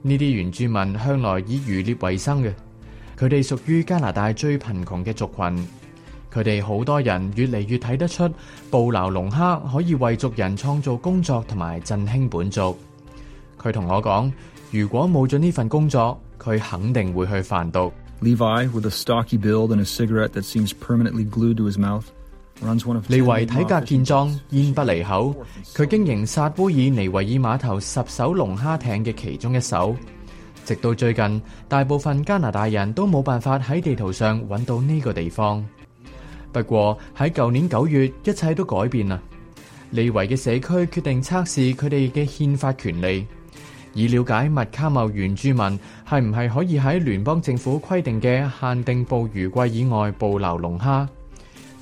呢啲原住民向來以漁獵為生嘅，佢哋屬於加拿大最貧窮嘅族群。佢哋好多人越嚟越睇得出捕撈龍蝦可以為族人創造工作同埋振興本族。佢同我講。如果冇咗呢份工作，佢肯定會去販毒。Levi with a stocky build and a cigarette that seems permanently glued to his mouth 利維體格健壯，煙不離口。佢經營薩布爾尼維爾碼頭十艘龍蝦艇嘅其中一艘。直到最近，大部分加拿大人都冇辦法喺地圖上搵到呢個地方。不過喺舊年九月，一切都改變啦。利維嘅社區決定測試佢哋嘅憲法權利。以了解密卡茂原住民係唔係可以喺聯邦政府規定嘅限定捕魚季以外捕撈龍蝦，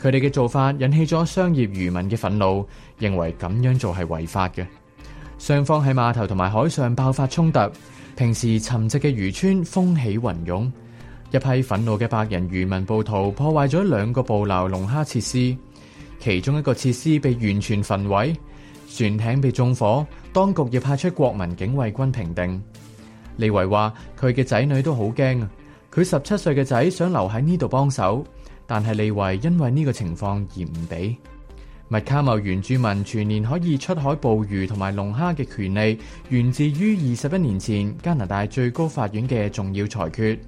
佢哋嘅做法引起咗商業漁民嘅憤怒，認為咁樣做係違法嘅。雙方喺碼頭同埋海上爆發衝突，平時沉寂嘅漁村風起雲湧，一批憤怒嘅白人漁民暴徒破壞咗兩個捕撈龍蝦設施，其中一個設施被完全焚毀。船艇被縱火，當局要派出國民警衛軍平定。李維話：佢嘅仔女都好驚，佢十七歲嘅仔想留喺呢度幫手，但係李維因為呢個情況而唔俾。麥卡茂原住民全年可以出海捕魚同埋龍蝦嘅權利，源自於二十一年前加拿大最高法院嘅重要裁決。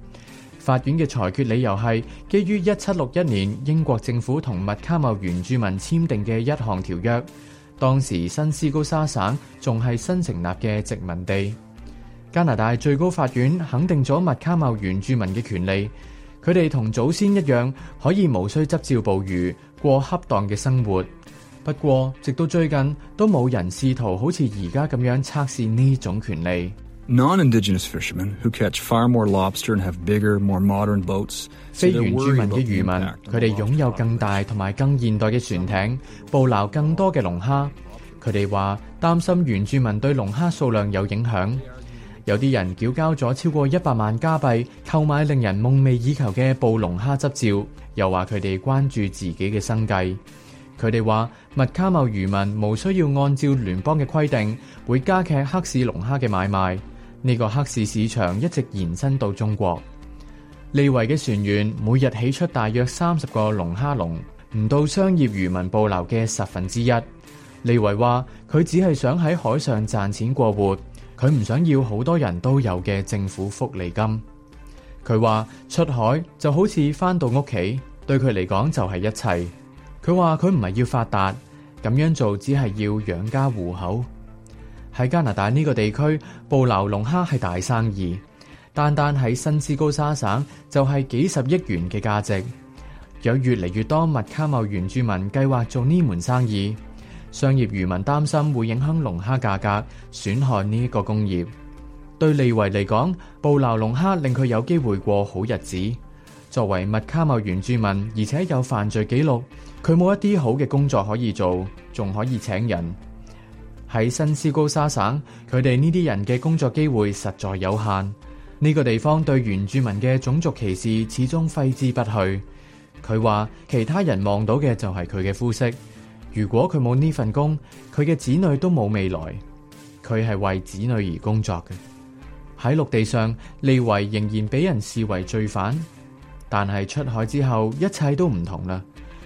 法院嘅裁決理由係基於一七六一年英國政府同麥卡茂原住民簽訂嘅一項條約。當時新斯高沙省仲係新成立嘅殖民地，加拿大最高法院肯定咗麥卡茂原住民嘅權利，佢哋同祖先一樣可以無需執照捕魚過恰當嘅生活。不過，直到最近都冇人試圖好似而家咁樣測試呢種權利。非原住民嘅漁民，佢哋擁有更大同埋更現代嘅船艇，捕撈更多嘅龍蝦。佢哋話擔心原住民對龍蝦數量有影響。有啲人繳交咗超過一百萬加幣購買令人夢寐以求嘅捕龍蝦執照，又話佢哋關注自己嘅生計。佢哋話麥卡茂漁民無需要按照聯邦嘅規定，會加劇黑市龍蝦嘅買賣。呢個黑市市場一直延伸到中國。利維嘅船員每日起出大約三十個龍蝦籠，唔到商業漁民捕撈嘅十分之一。利維話：佢只係想喺海上賺錢過活，佢唔想要好多人都有嘅政府福利金。佢話出海就好似翻到屋企，對佢嚟講就係一切。佢話佢唔係要發達，咁樣做只係要養家糊口。喺加拿大呢個地區，捕撈龍蝦係大生意。單單喺新斯高沙省，就係幾十億元嘅價值。有越嚟越多密卡茂原住民計劃做呢門生意。商業漁民擔心會影響龍蝦價格，損害呢個工業。對利維嚟講，捕撈龍蝦令佢有機會過好日子。作為密卡茂原住民，而且有犯罪記錄，佢冇一啲好嘅工作可以做，仲可以請人。喺新斯高沙省，佢哋呢啲人嘅工作機會實在有限。呢個地方對原住民嘅種族歧視始終揮之不去。佢話其他人望到嘅就係佢嘅膚色。如果佢冇呢份工，佢嘅子女都冇未來。佢係為子女而工作嘅。喺陸地上，利維仍然俾人視為罪犯。但係出海之後，一切都唔同啦。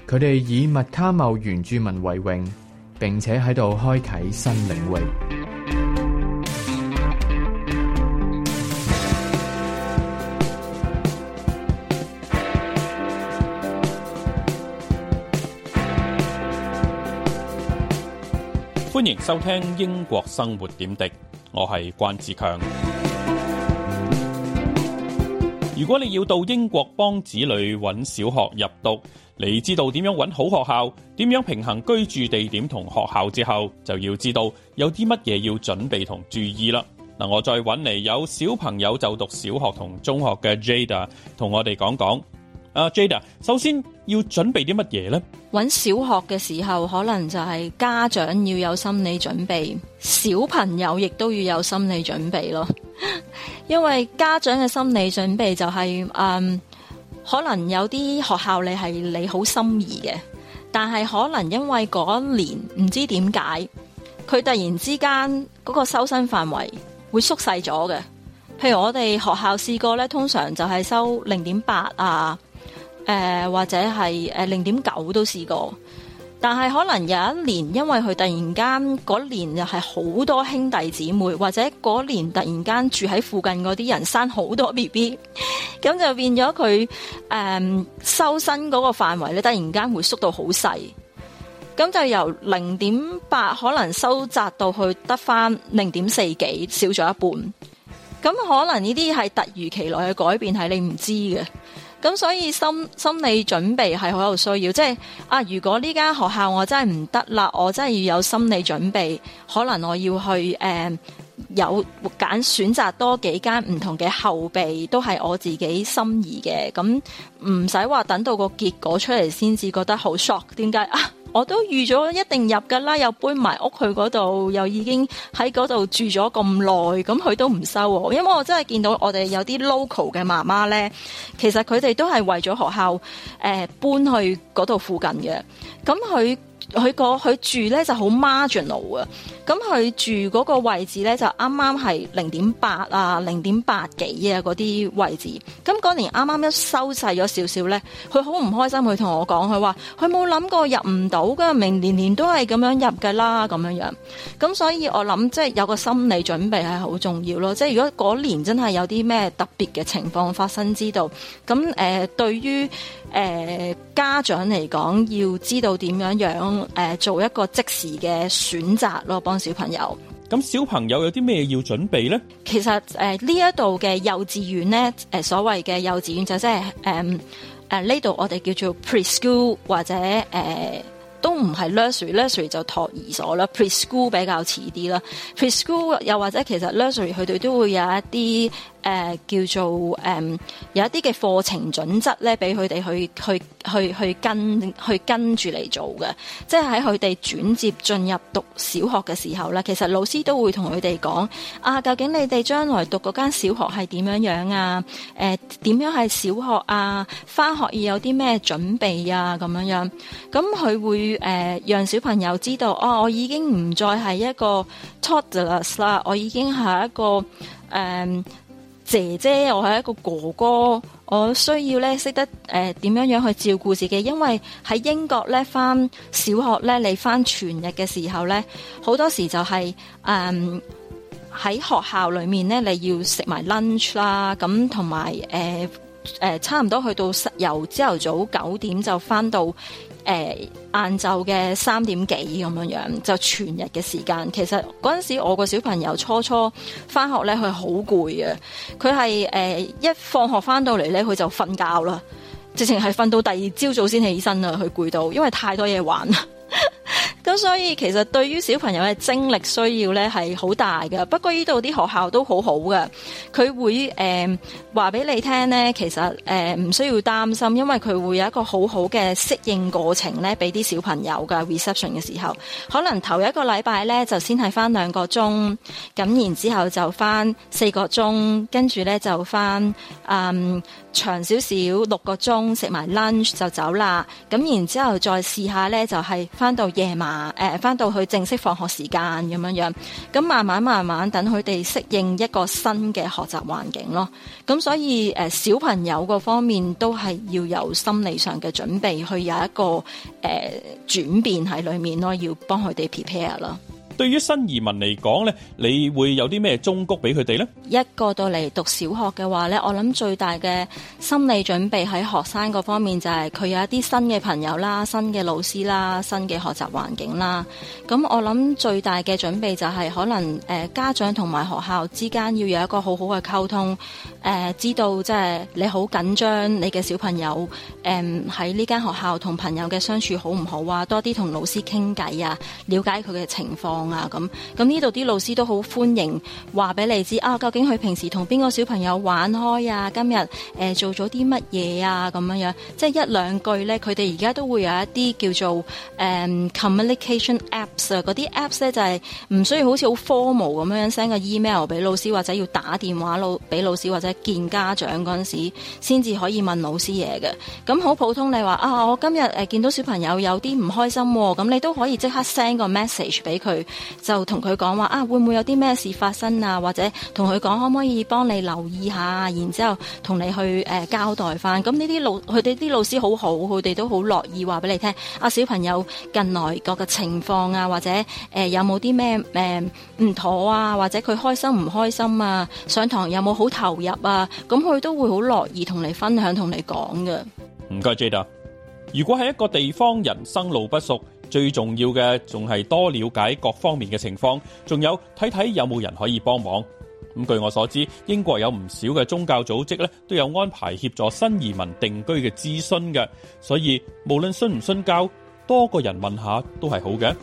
佢哋以麥卡茂原住民為榮。並且喺度開啟新領域。歡迎收聽英國生活點滴，我係關志強。嗯、如果你要到英國幫子女揾小學入讀。你知道點樣揾好學校，點樣平衡居住地點同學校之後，就要知道有啲乜嘢要準備同注意啦。嗱，我再揾嚟，有小朋友就讀小學同中學嘅 Jada 同我哋講講。阿、uh, Jada，首先要準備啲乜嘢呢？揾小學嘅時候，可能就係家長要有心理準備，小朋友亦都要有心理準備咯。因為家長嘅心理準備就係、是、嗯。Um, 可能有啲學校你係你好心儀嘅，但係可能因為嗰年唔知點解，佢突然之間嗰個收生範圍會縮細咗嘅。譬如我哋學校試過呢，通常就係收零點八啊，誒、呃、或者係誒零點九都試過。但係可能有一年，因為佢突然間嗰年又係好多兄弟姊妹，或者嗰年突然間住喺附近嗰啲人生好多 BB，咁就變咗佢誒收身嗰個範圍咧，突然間會縮到好細，咁就由零點八可能收窄到去得返零點四幾，少咗一半。咁可能呢啲係突如其來嘅改變，係你唔知嘅。咁所以心心理準備係好有需要，即係啊！如果呢間學校我真係唔得啦，我真係要有心理準備，可能我要去誒、呃、有揀選擇多幾間唔同嘅後備，都係我自己心儀嘅，咁唔使話等到個結果出嚟先至覺得好 shock，點解啊？我都預咗一定入㗎啦，又搬埋屋去嗰度，又已經喺嗰度住咗咁耐，咁佢都唔收我。因為我真係見到我哋有啲 local 嘅媽媽咧，其實佢哋都係為咗學校誒、呃、搬去嗰度附近嘅，咁佢佢個佢住咧就好 marginal 啊。咁佢住嗰個位置咧，就啱啱係零點八啊，零點八幾啊嗰啲位置。咁嗰年啱啱一收細咗少少咧，佢好唔開心。佢同我講，佢話佢冇諗過入唔到噶，明年年都係咁樣入嘅啦咁樣樣，咁所以我，我諗即係有個心理準備係好重要咯。即係如果嗰年真係有啲咩特別嘅情況發生，知道咁誒對於誒、呃、家長嚟講要知道點樣樣誒、呃、做一個即時嘅選擇咯，噃。小朋友，咁小朋友有啲咩要準備咧？其實誒呢一度嘅幼稚園咧，誒、呃、所謂嘅幼稚園就即係誒誒呢度我哋叫做 preschool 或者誒、呃、都唔係 nursery，nursery 就托兒所啦，preschool 比較遲啲啦，preschool 又或者其實 nursery 佢哋都會有一啲。誒、呃、叫做誒、呃、有一啲嘅課程準則咧，俾佢哋去去去去跟去跟住嚟做嘅。即係喺佢哋轉接進入讀小學嘅時候啦，其實老師都會同佢哋講啊，究竟你哋將來讀嗰間小學係點樣樣啊？誒、呃、點樣係小學啊？返學要有啲咩準備啊？咁樣樣，咁、嗯、佢會誒、呃、讓小朋友知道啊、哦，我已經唔再係一個 toddlers 啦，我已經係一個誒、呃姐姐，我係一個哥哥，我需要咧識得誒點樣樣去照顧自己，因為喺英國咧返小學咧，你返全日嘅時候咧，好多時就係誒喺學校裏面咧，你要食埋 lunch 啦，咁同埋誒誒差唔多去到由朝頭早九點就返到。誒晏晝嘅三點幾咁樣樣，就全日嘅時間。其實嗰陣時我個小朋友初初返學咧，佢好攰嘅。佢係誒一放學返到嚟咧，佢就瞓覺啦，直情係瞓到第二朝早先起身啦。佢攰到，因為太多嘢玩。 咁所以其實對於小朋友嘅精力需要咧係好大嘅，不過呢度啲學校都好好嘅，佢會誒話俾你聽呢，其實誒唔、呃、需要擔心，因為佢會有一個好好嘅適應過程咧，俾啲小朋友嘅 reception 嘅時候，可能頭一個禮拜咧就先係翻兩個鐘，咁然之後就翻四個鐘，跟住咧就翻嗯長少少六個鐘，食埋 lunch 就走啦，咁然之後再試下咧就係、是、翻到。夜晚，誒返到去正式放學時間咁樣樣，咁慢慢慢慢等佢哋適應一個新嘅學習環境咯。咁所以誒小朋友個方面都係要有心理上嘅準備，去有一個誒、呃、轉變喺裏面咯，要幫佢哋 prepare 咯。對於新移民嚟講咧，你會有啲咩忠告俾佢哋咧？一個到嚟讀小學嘅話咧，我諗最大嘅心理準備喺學生嗰方面就係、是、佢有一啲新嘅朋友啦、新嘅老師啦、新嘅學習環境啦。咁我諗最大嘅準備就係可能誒、呃、家長同埋學校之間要有一個好好嘅溝通，誒、呃、知道即係你好緊張你嘅小朋友誒喺呢間學校同朋友嘅相處好唔好啊？多啲同老師傾偈啊，了解佢嘅情況啊，咁咁呢度啲老師都好歡迎話俾你知啊，究竟？佢平時同邊個小朋友玩開啊？今日誒、呃、做咗啲乜嘢啊？咁樣樣即係一兩句咧，佢哋而家都會有一啲叫做誒、呃、communication apps 啊，啲 apps 咧、啊、就係、是、唔需要好似好 formal 咁樣 send 個 email 俾老師或者要打電話老俾老師或者見家長陣時，先至可以問老師嘢嘅。咁、嗯、好普通你，你話啊，我今日誒、呃、見到小朋友有啲唔開心、哦，咁、嗯、你都可以即刻 send 個 message 俾佢，就同佢講話啊，會唔會有啲咩事發生啊？或者同佢。講可唔可以幫你留意下，然之後同你去誒、呃、交代翻。咁呢啲老佢哋啲老師好好，佢哋都好樂意話俾你聽。阿、啊、小朋友近來各個嘅情況啊，或者誒、呃、有冇啲咩誒唔妥啊，或者佢開心唔開心啊，上堂有冇好投入啊，咁佢都會好樂意同你分享，同你講嘅。唔該，Jada。如果喺一個地方人生路不熟，最重要嘅仲係多了解各方面嘅情況，仲有睇睇有冇人可以幫忙。咁據我所知，英國有唔少嘅宗教組織咧，都有安排協助新移民定居嘅諮詢嘅，所以無論信唔信教，多個人問下都係好嘅。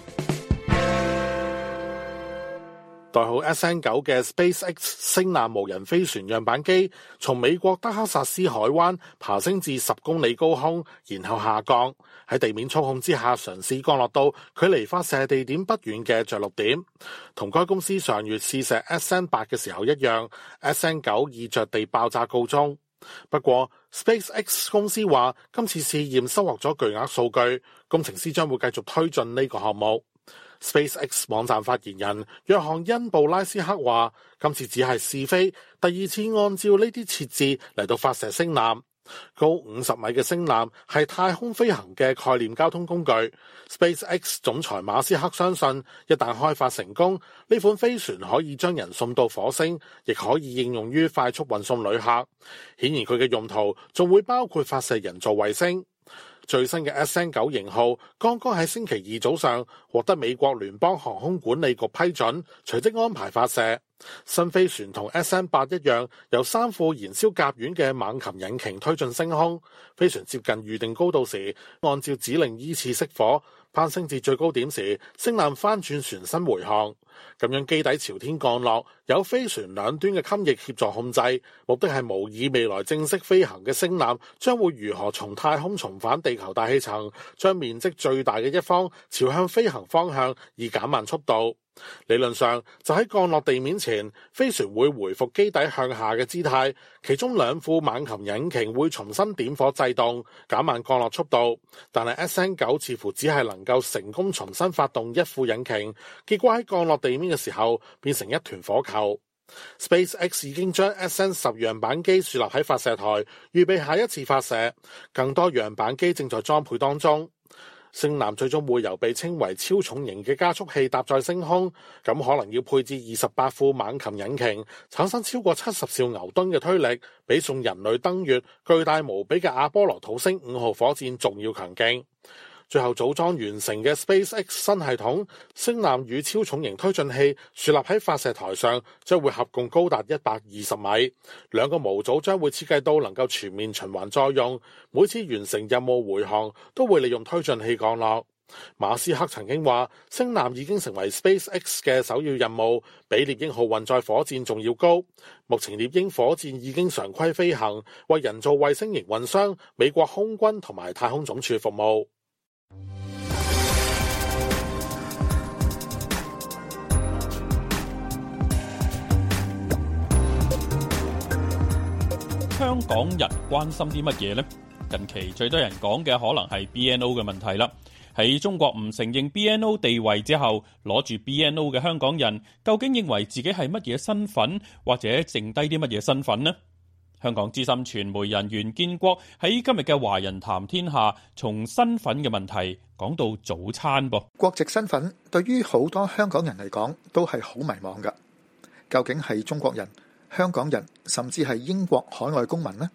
代號 SN9 嘅 SpaceX 星艦無人飛船樣板機，從美國德克薩斯海灣爬升至十公里高空，然後下降。喺地面操控之下，嘗試降落到距離發射地點不遠嘅着陸點，同該公司上月試射 S N 八嘅時候一樣，S N 九以着地爆炸告終。不過 Space X 公司話，今次試驗收穫咗巨額數據，工程師將會繼續推進呢個項目。Space X 網站發言人約翰恩布拉斯克話，今次只係試飛，第二次按照呢啲設置嚟到發射星艦。高五十米嘅星艦係太空飛行嘅概念交通工具。Space X 總裁馬斯克相信，一旦開發成功，呢款飛船可以將人送到火星，亦可以應用於快速運送旅客。顯然，佢嘅用途仲會包括發射人造衛星。最新嘅 SN 九型號剛剛喺星期二早上獲得美國聯邦航空管理局批准，隨即安排發射。新飛船同 SN 八一樣，由三副燃燒甲烷嘅猛禽引擎推進升空。飛船接近預定高度時，按照指令依次熄火。攀升至最高點時，星艦翻轉船身回航，咁樣機底朝天降落。有飛船兩端嘅襟翼協助控制，目的係模擬未來正式飛行嘅星艦將會如何從太空重返地球大氣層，將面積最大嘅一方朝向飛行方向，以減慢速度。理論上就喺降落地面前，飛船會回復機底向下嘅姿態，其中兩副猛禽引擎會重新點火制動，減慢降落速度。但係 S N 九似乎只係能夠成功重新發動一副引擎，結果喺降落地面嘅時候變成一團火球。Space X 已經將 S N 十樣板機豎立喺發射台，預備下一次發射。更多樣板機正在裝配當中。星艦最終會由被稱為超重型嘅加速器搭載升空，咁可能要配置二十八副猛禽引擎，產生超過七十兆牛頓嘅推力，比送人類登月巨大無比嘅阿波羅土星五號火箭仲要強勁。最後組裝完成嘅 Space X 新系統星艦與超重型推進器樹立喺發射台上，將會合共高達一百二十米。兩個模組將會設計到能夠全面循環再用，每次完成任務回航都會利用推進器降落。馬斯克曾經話：星艦已經成為 Space X 嘅首要任務，比獵鷹號運載火箭仲要高。目前獵鷹火箭已經常規飛行，為人造衛星營運商、美國空軍同埋太空總署服務。香港人關心啲乜嘢呢？近期最多人講嘅可能係 BNO 嘅問題啦。喺中國唔承認 BNO 地位之後，攞住 BNO 嘅香港人，究竟認為自己係乜嘢身份，或者剩低啲乜嘢身份呢？香港資深傳媒人袁建國喺今日嘅《華人談天下》從身份嘅問題講到早餐噃。國籍身份對於好多香港人嚟講都係好迷茫噶，究竟係中國人、香港人，甚至係英國海外公民呢？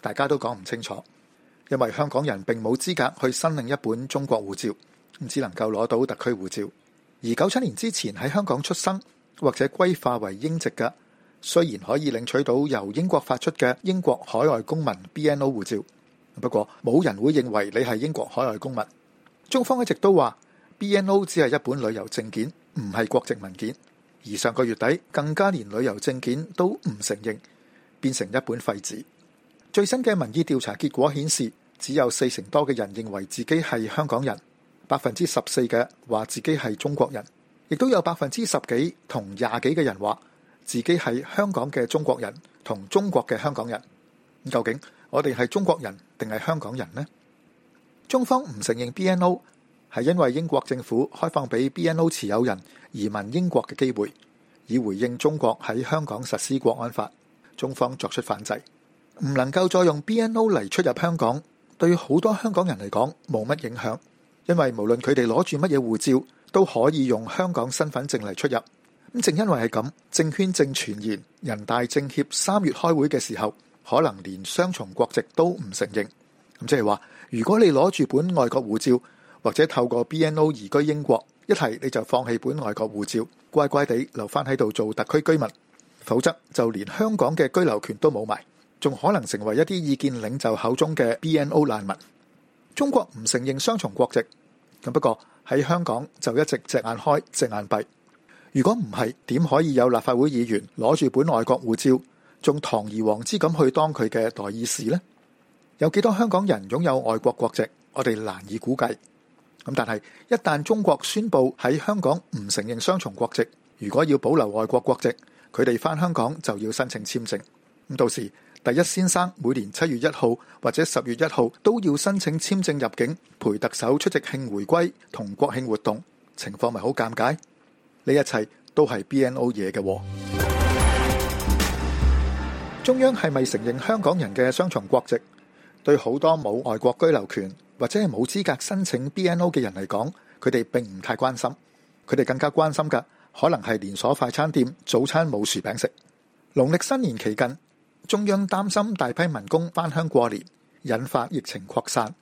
大家都講唔清楚，因為香港人並冇資格去申領一本中國護照，只能夠攞到特區護照。而九七年之前喺香港出生或者歸化為英籍嘅，雖然可以領取到由英國發出嘅英國海外公民 BNO 護照，不過冇人會認為你係英國海外公民。中方一直都話 BNO 只係一本旅遊證件，唔係國籍文件。而上個月底，更加連旅遊證件都唔承認，變成一本廢紙。最新嘅民意調查結果顯示，只有四成多嘅人認為自己係香港人，百分之十四嘅話自己係中國人，亦都有百分之十幾同廿幾嘅人話。自己係香港嘅中國人同中國嘅香港人，究竟我哋係中國人定係香港人呢？中方唔承認 BNO 係因為英國政府開放俾 BNO 持有人移民英國嘅機會，以回應中國喺香港實施國安法，中方作出反制，唔能夠再用 BNO 嚟出入香港。對好多香港人嚟講，冇乜影響，因為無論佢哋攞住乜嘢護照，都可以用香港身份證嚟出入。咁正因為係咁，政券政圈正傳言，人大政協三月開會嘅時候，可能連雙重國籍都唔承認。咁即係話，如果你攞住本外國護照，或者透過 BNO 移居英國，一係你就放棄本外國護照，乖乖地留翻喺度做特區居民；否則，就連香港嘅居留權都冇埋，仲可能成為一啲意見領袖口中嘅 BNO 難民。中國唔承認雙重國籍，咁不過喺香港就一直隻眼開隻眼閉。如果唔係，點可以有立法會議員攞住本外國護照，仲堂而皇之咁去當佢嘅代議士咧？有幾多香港人擁有外國國籍，我哋難以估計。咁但係一旦中國宣布喺香港唔承認雙重國籍，如果要保留外國國籍，佢哋翻香港就要申請簽證。咁到時第一先生每年七月一號或者十月一號都要申請簽證入境，陪特首出席慶回歸同國慶活動，情況咪好尷尬？呢一切都係 B N O 嘢嘅，中央係咪承認香港人嘅雙重國籍？對好多冇外國居留權或者係冇資格申請 B N O 嘅人嚟講，佢哋並唔太關心，佢哋更加關心嘅，可能係連鎖快餐店早餐冇薯餅食。農曆新年期間，中央擔心大批民工返鄉過年，引發疫情擴散，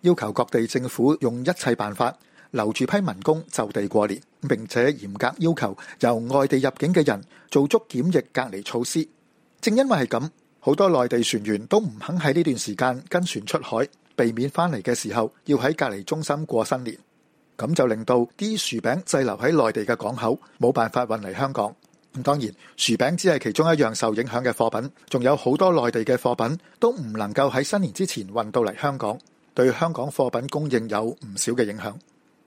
要求各地政府用一切辦法。留住批民工就地過年，並且嚴格要求由外地入境嘅人做足檢疫隔離措施。正因為係咁，好多內地船員都唔肯喺呢段時間跟船出海，避免翻嚟嘅時候要喺隔離中心過新年。咁就令到啲薯餅滯留喺內地嘅港口，冇辦法運嚟香港。咁當然，薯餅只係其中一樣受影響嘅貨品，仲有好多內地嘅貨品都唔能夠喺新年之前運到嚟香港，對香港貨品供應有唔少嘅影響。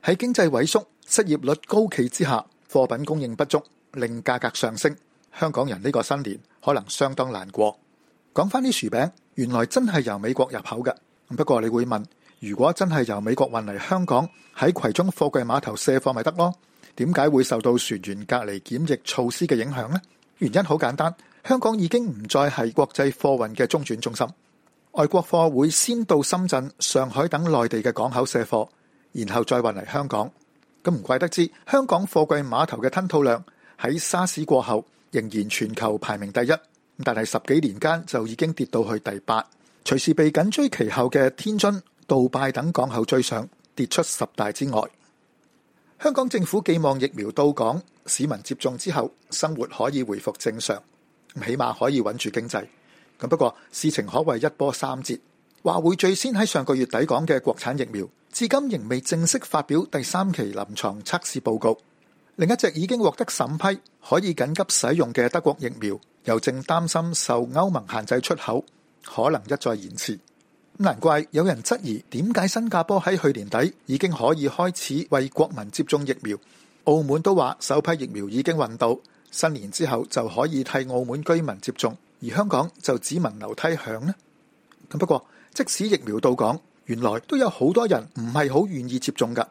喺經濟萎縮、失業率高企之下，貨品供應不足，令價格上升。香港人呢個新年可能相當難過。講翻啲薯餅，原來真係由美國入口嘅。不過你會問，「如果真係由美國運嚟香港，喺葵涌貨櫃碼頭卸貨咪得咯？點解會受到船員隔離檢疫措施嘅影響呢？」原因好簡單，香港已經唔再係國際貨運嘅中轉中心，外國貨會先到深圳、上海等內地嘅港口卸貨。然後再運嚟香港，咁唔怪得知香港貨櫃碼頭嘅吞吐量喺沙士過後仍然全球排名第一，但係十幾年間就已經跌到去第八，隨時被緊追其後嘅天津、杜拜等港口追上，跌出十大之外。香港政府寄望疫苗到港，市民接種之後生活可以回復正常，起碼可以穩住經濟。咁不過事情可謂一波三折。話會最先喺上個月抵港嘅國產疫苗，至今仍未正式發表第三期臨床測試報告。另一隻已經獲得審批可以緊急使用嘅德國疫苗，又正擔心受歐盟限制出口，可能一再延遲。咁難怪有人質疑點解新加坡喺去年底已經可以開始為國民接種疫苗，澳門都話首批疫苗已經運到，新年之後就可以替澳門居民接種，而香港就只聞樓梯響呢？咁不過，即使疫苗到港，原來都有好多人唔係好願意接種嘅。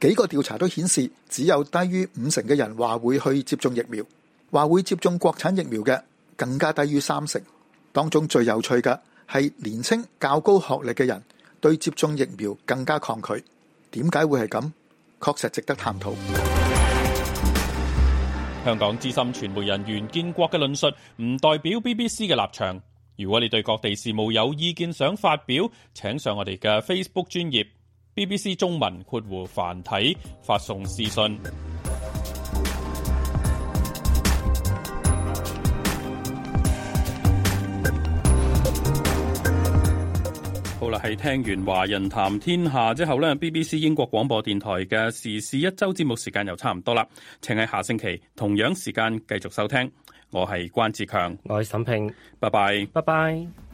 幾個調查都顯示，只有低於五成嘅人話會去接種疫苗，話會接種國產疫苗嘅更加低於三成。當中最有趣嘅係年青較高學歷嘅人對接種疫苗更加抗拒。點解會係咁？確實值得探討。香港資深傳媒人袁建國嘅論述唔代表 BBC 嘅立場。如果你對各地事務有意見想發表，請上我哋嘅 Facebook 專頁 BBC 中文括弧繁體發送私信。好啦，係聽完華人談天下之後呢，BBC 英國廣播電台嘅時事一周節目時間又差唔多啦，請喺下星期同樣時間繼續收聽。我係關志強，我係沈平，拜拜，拜拜。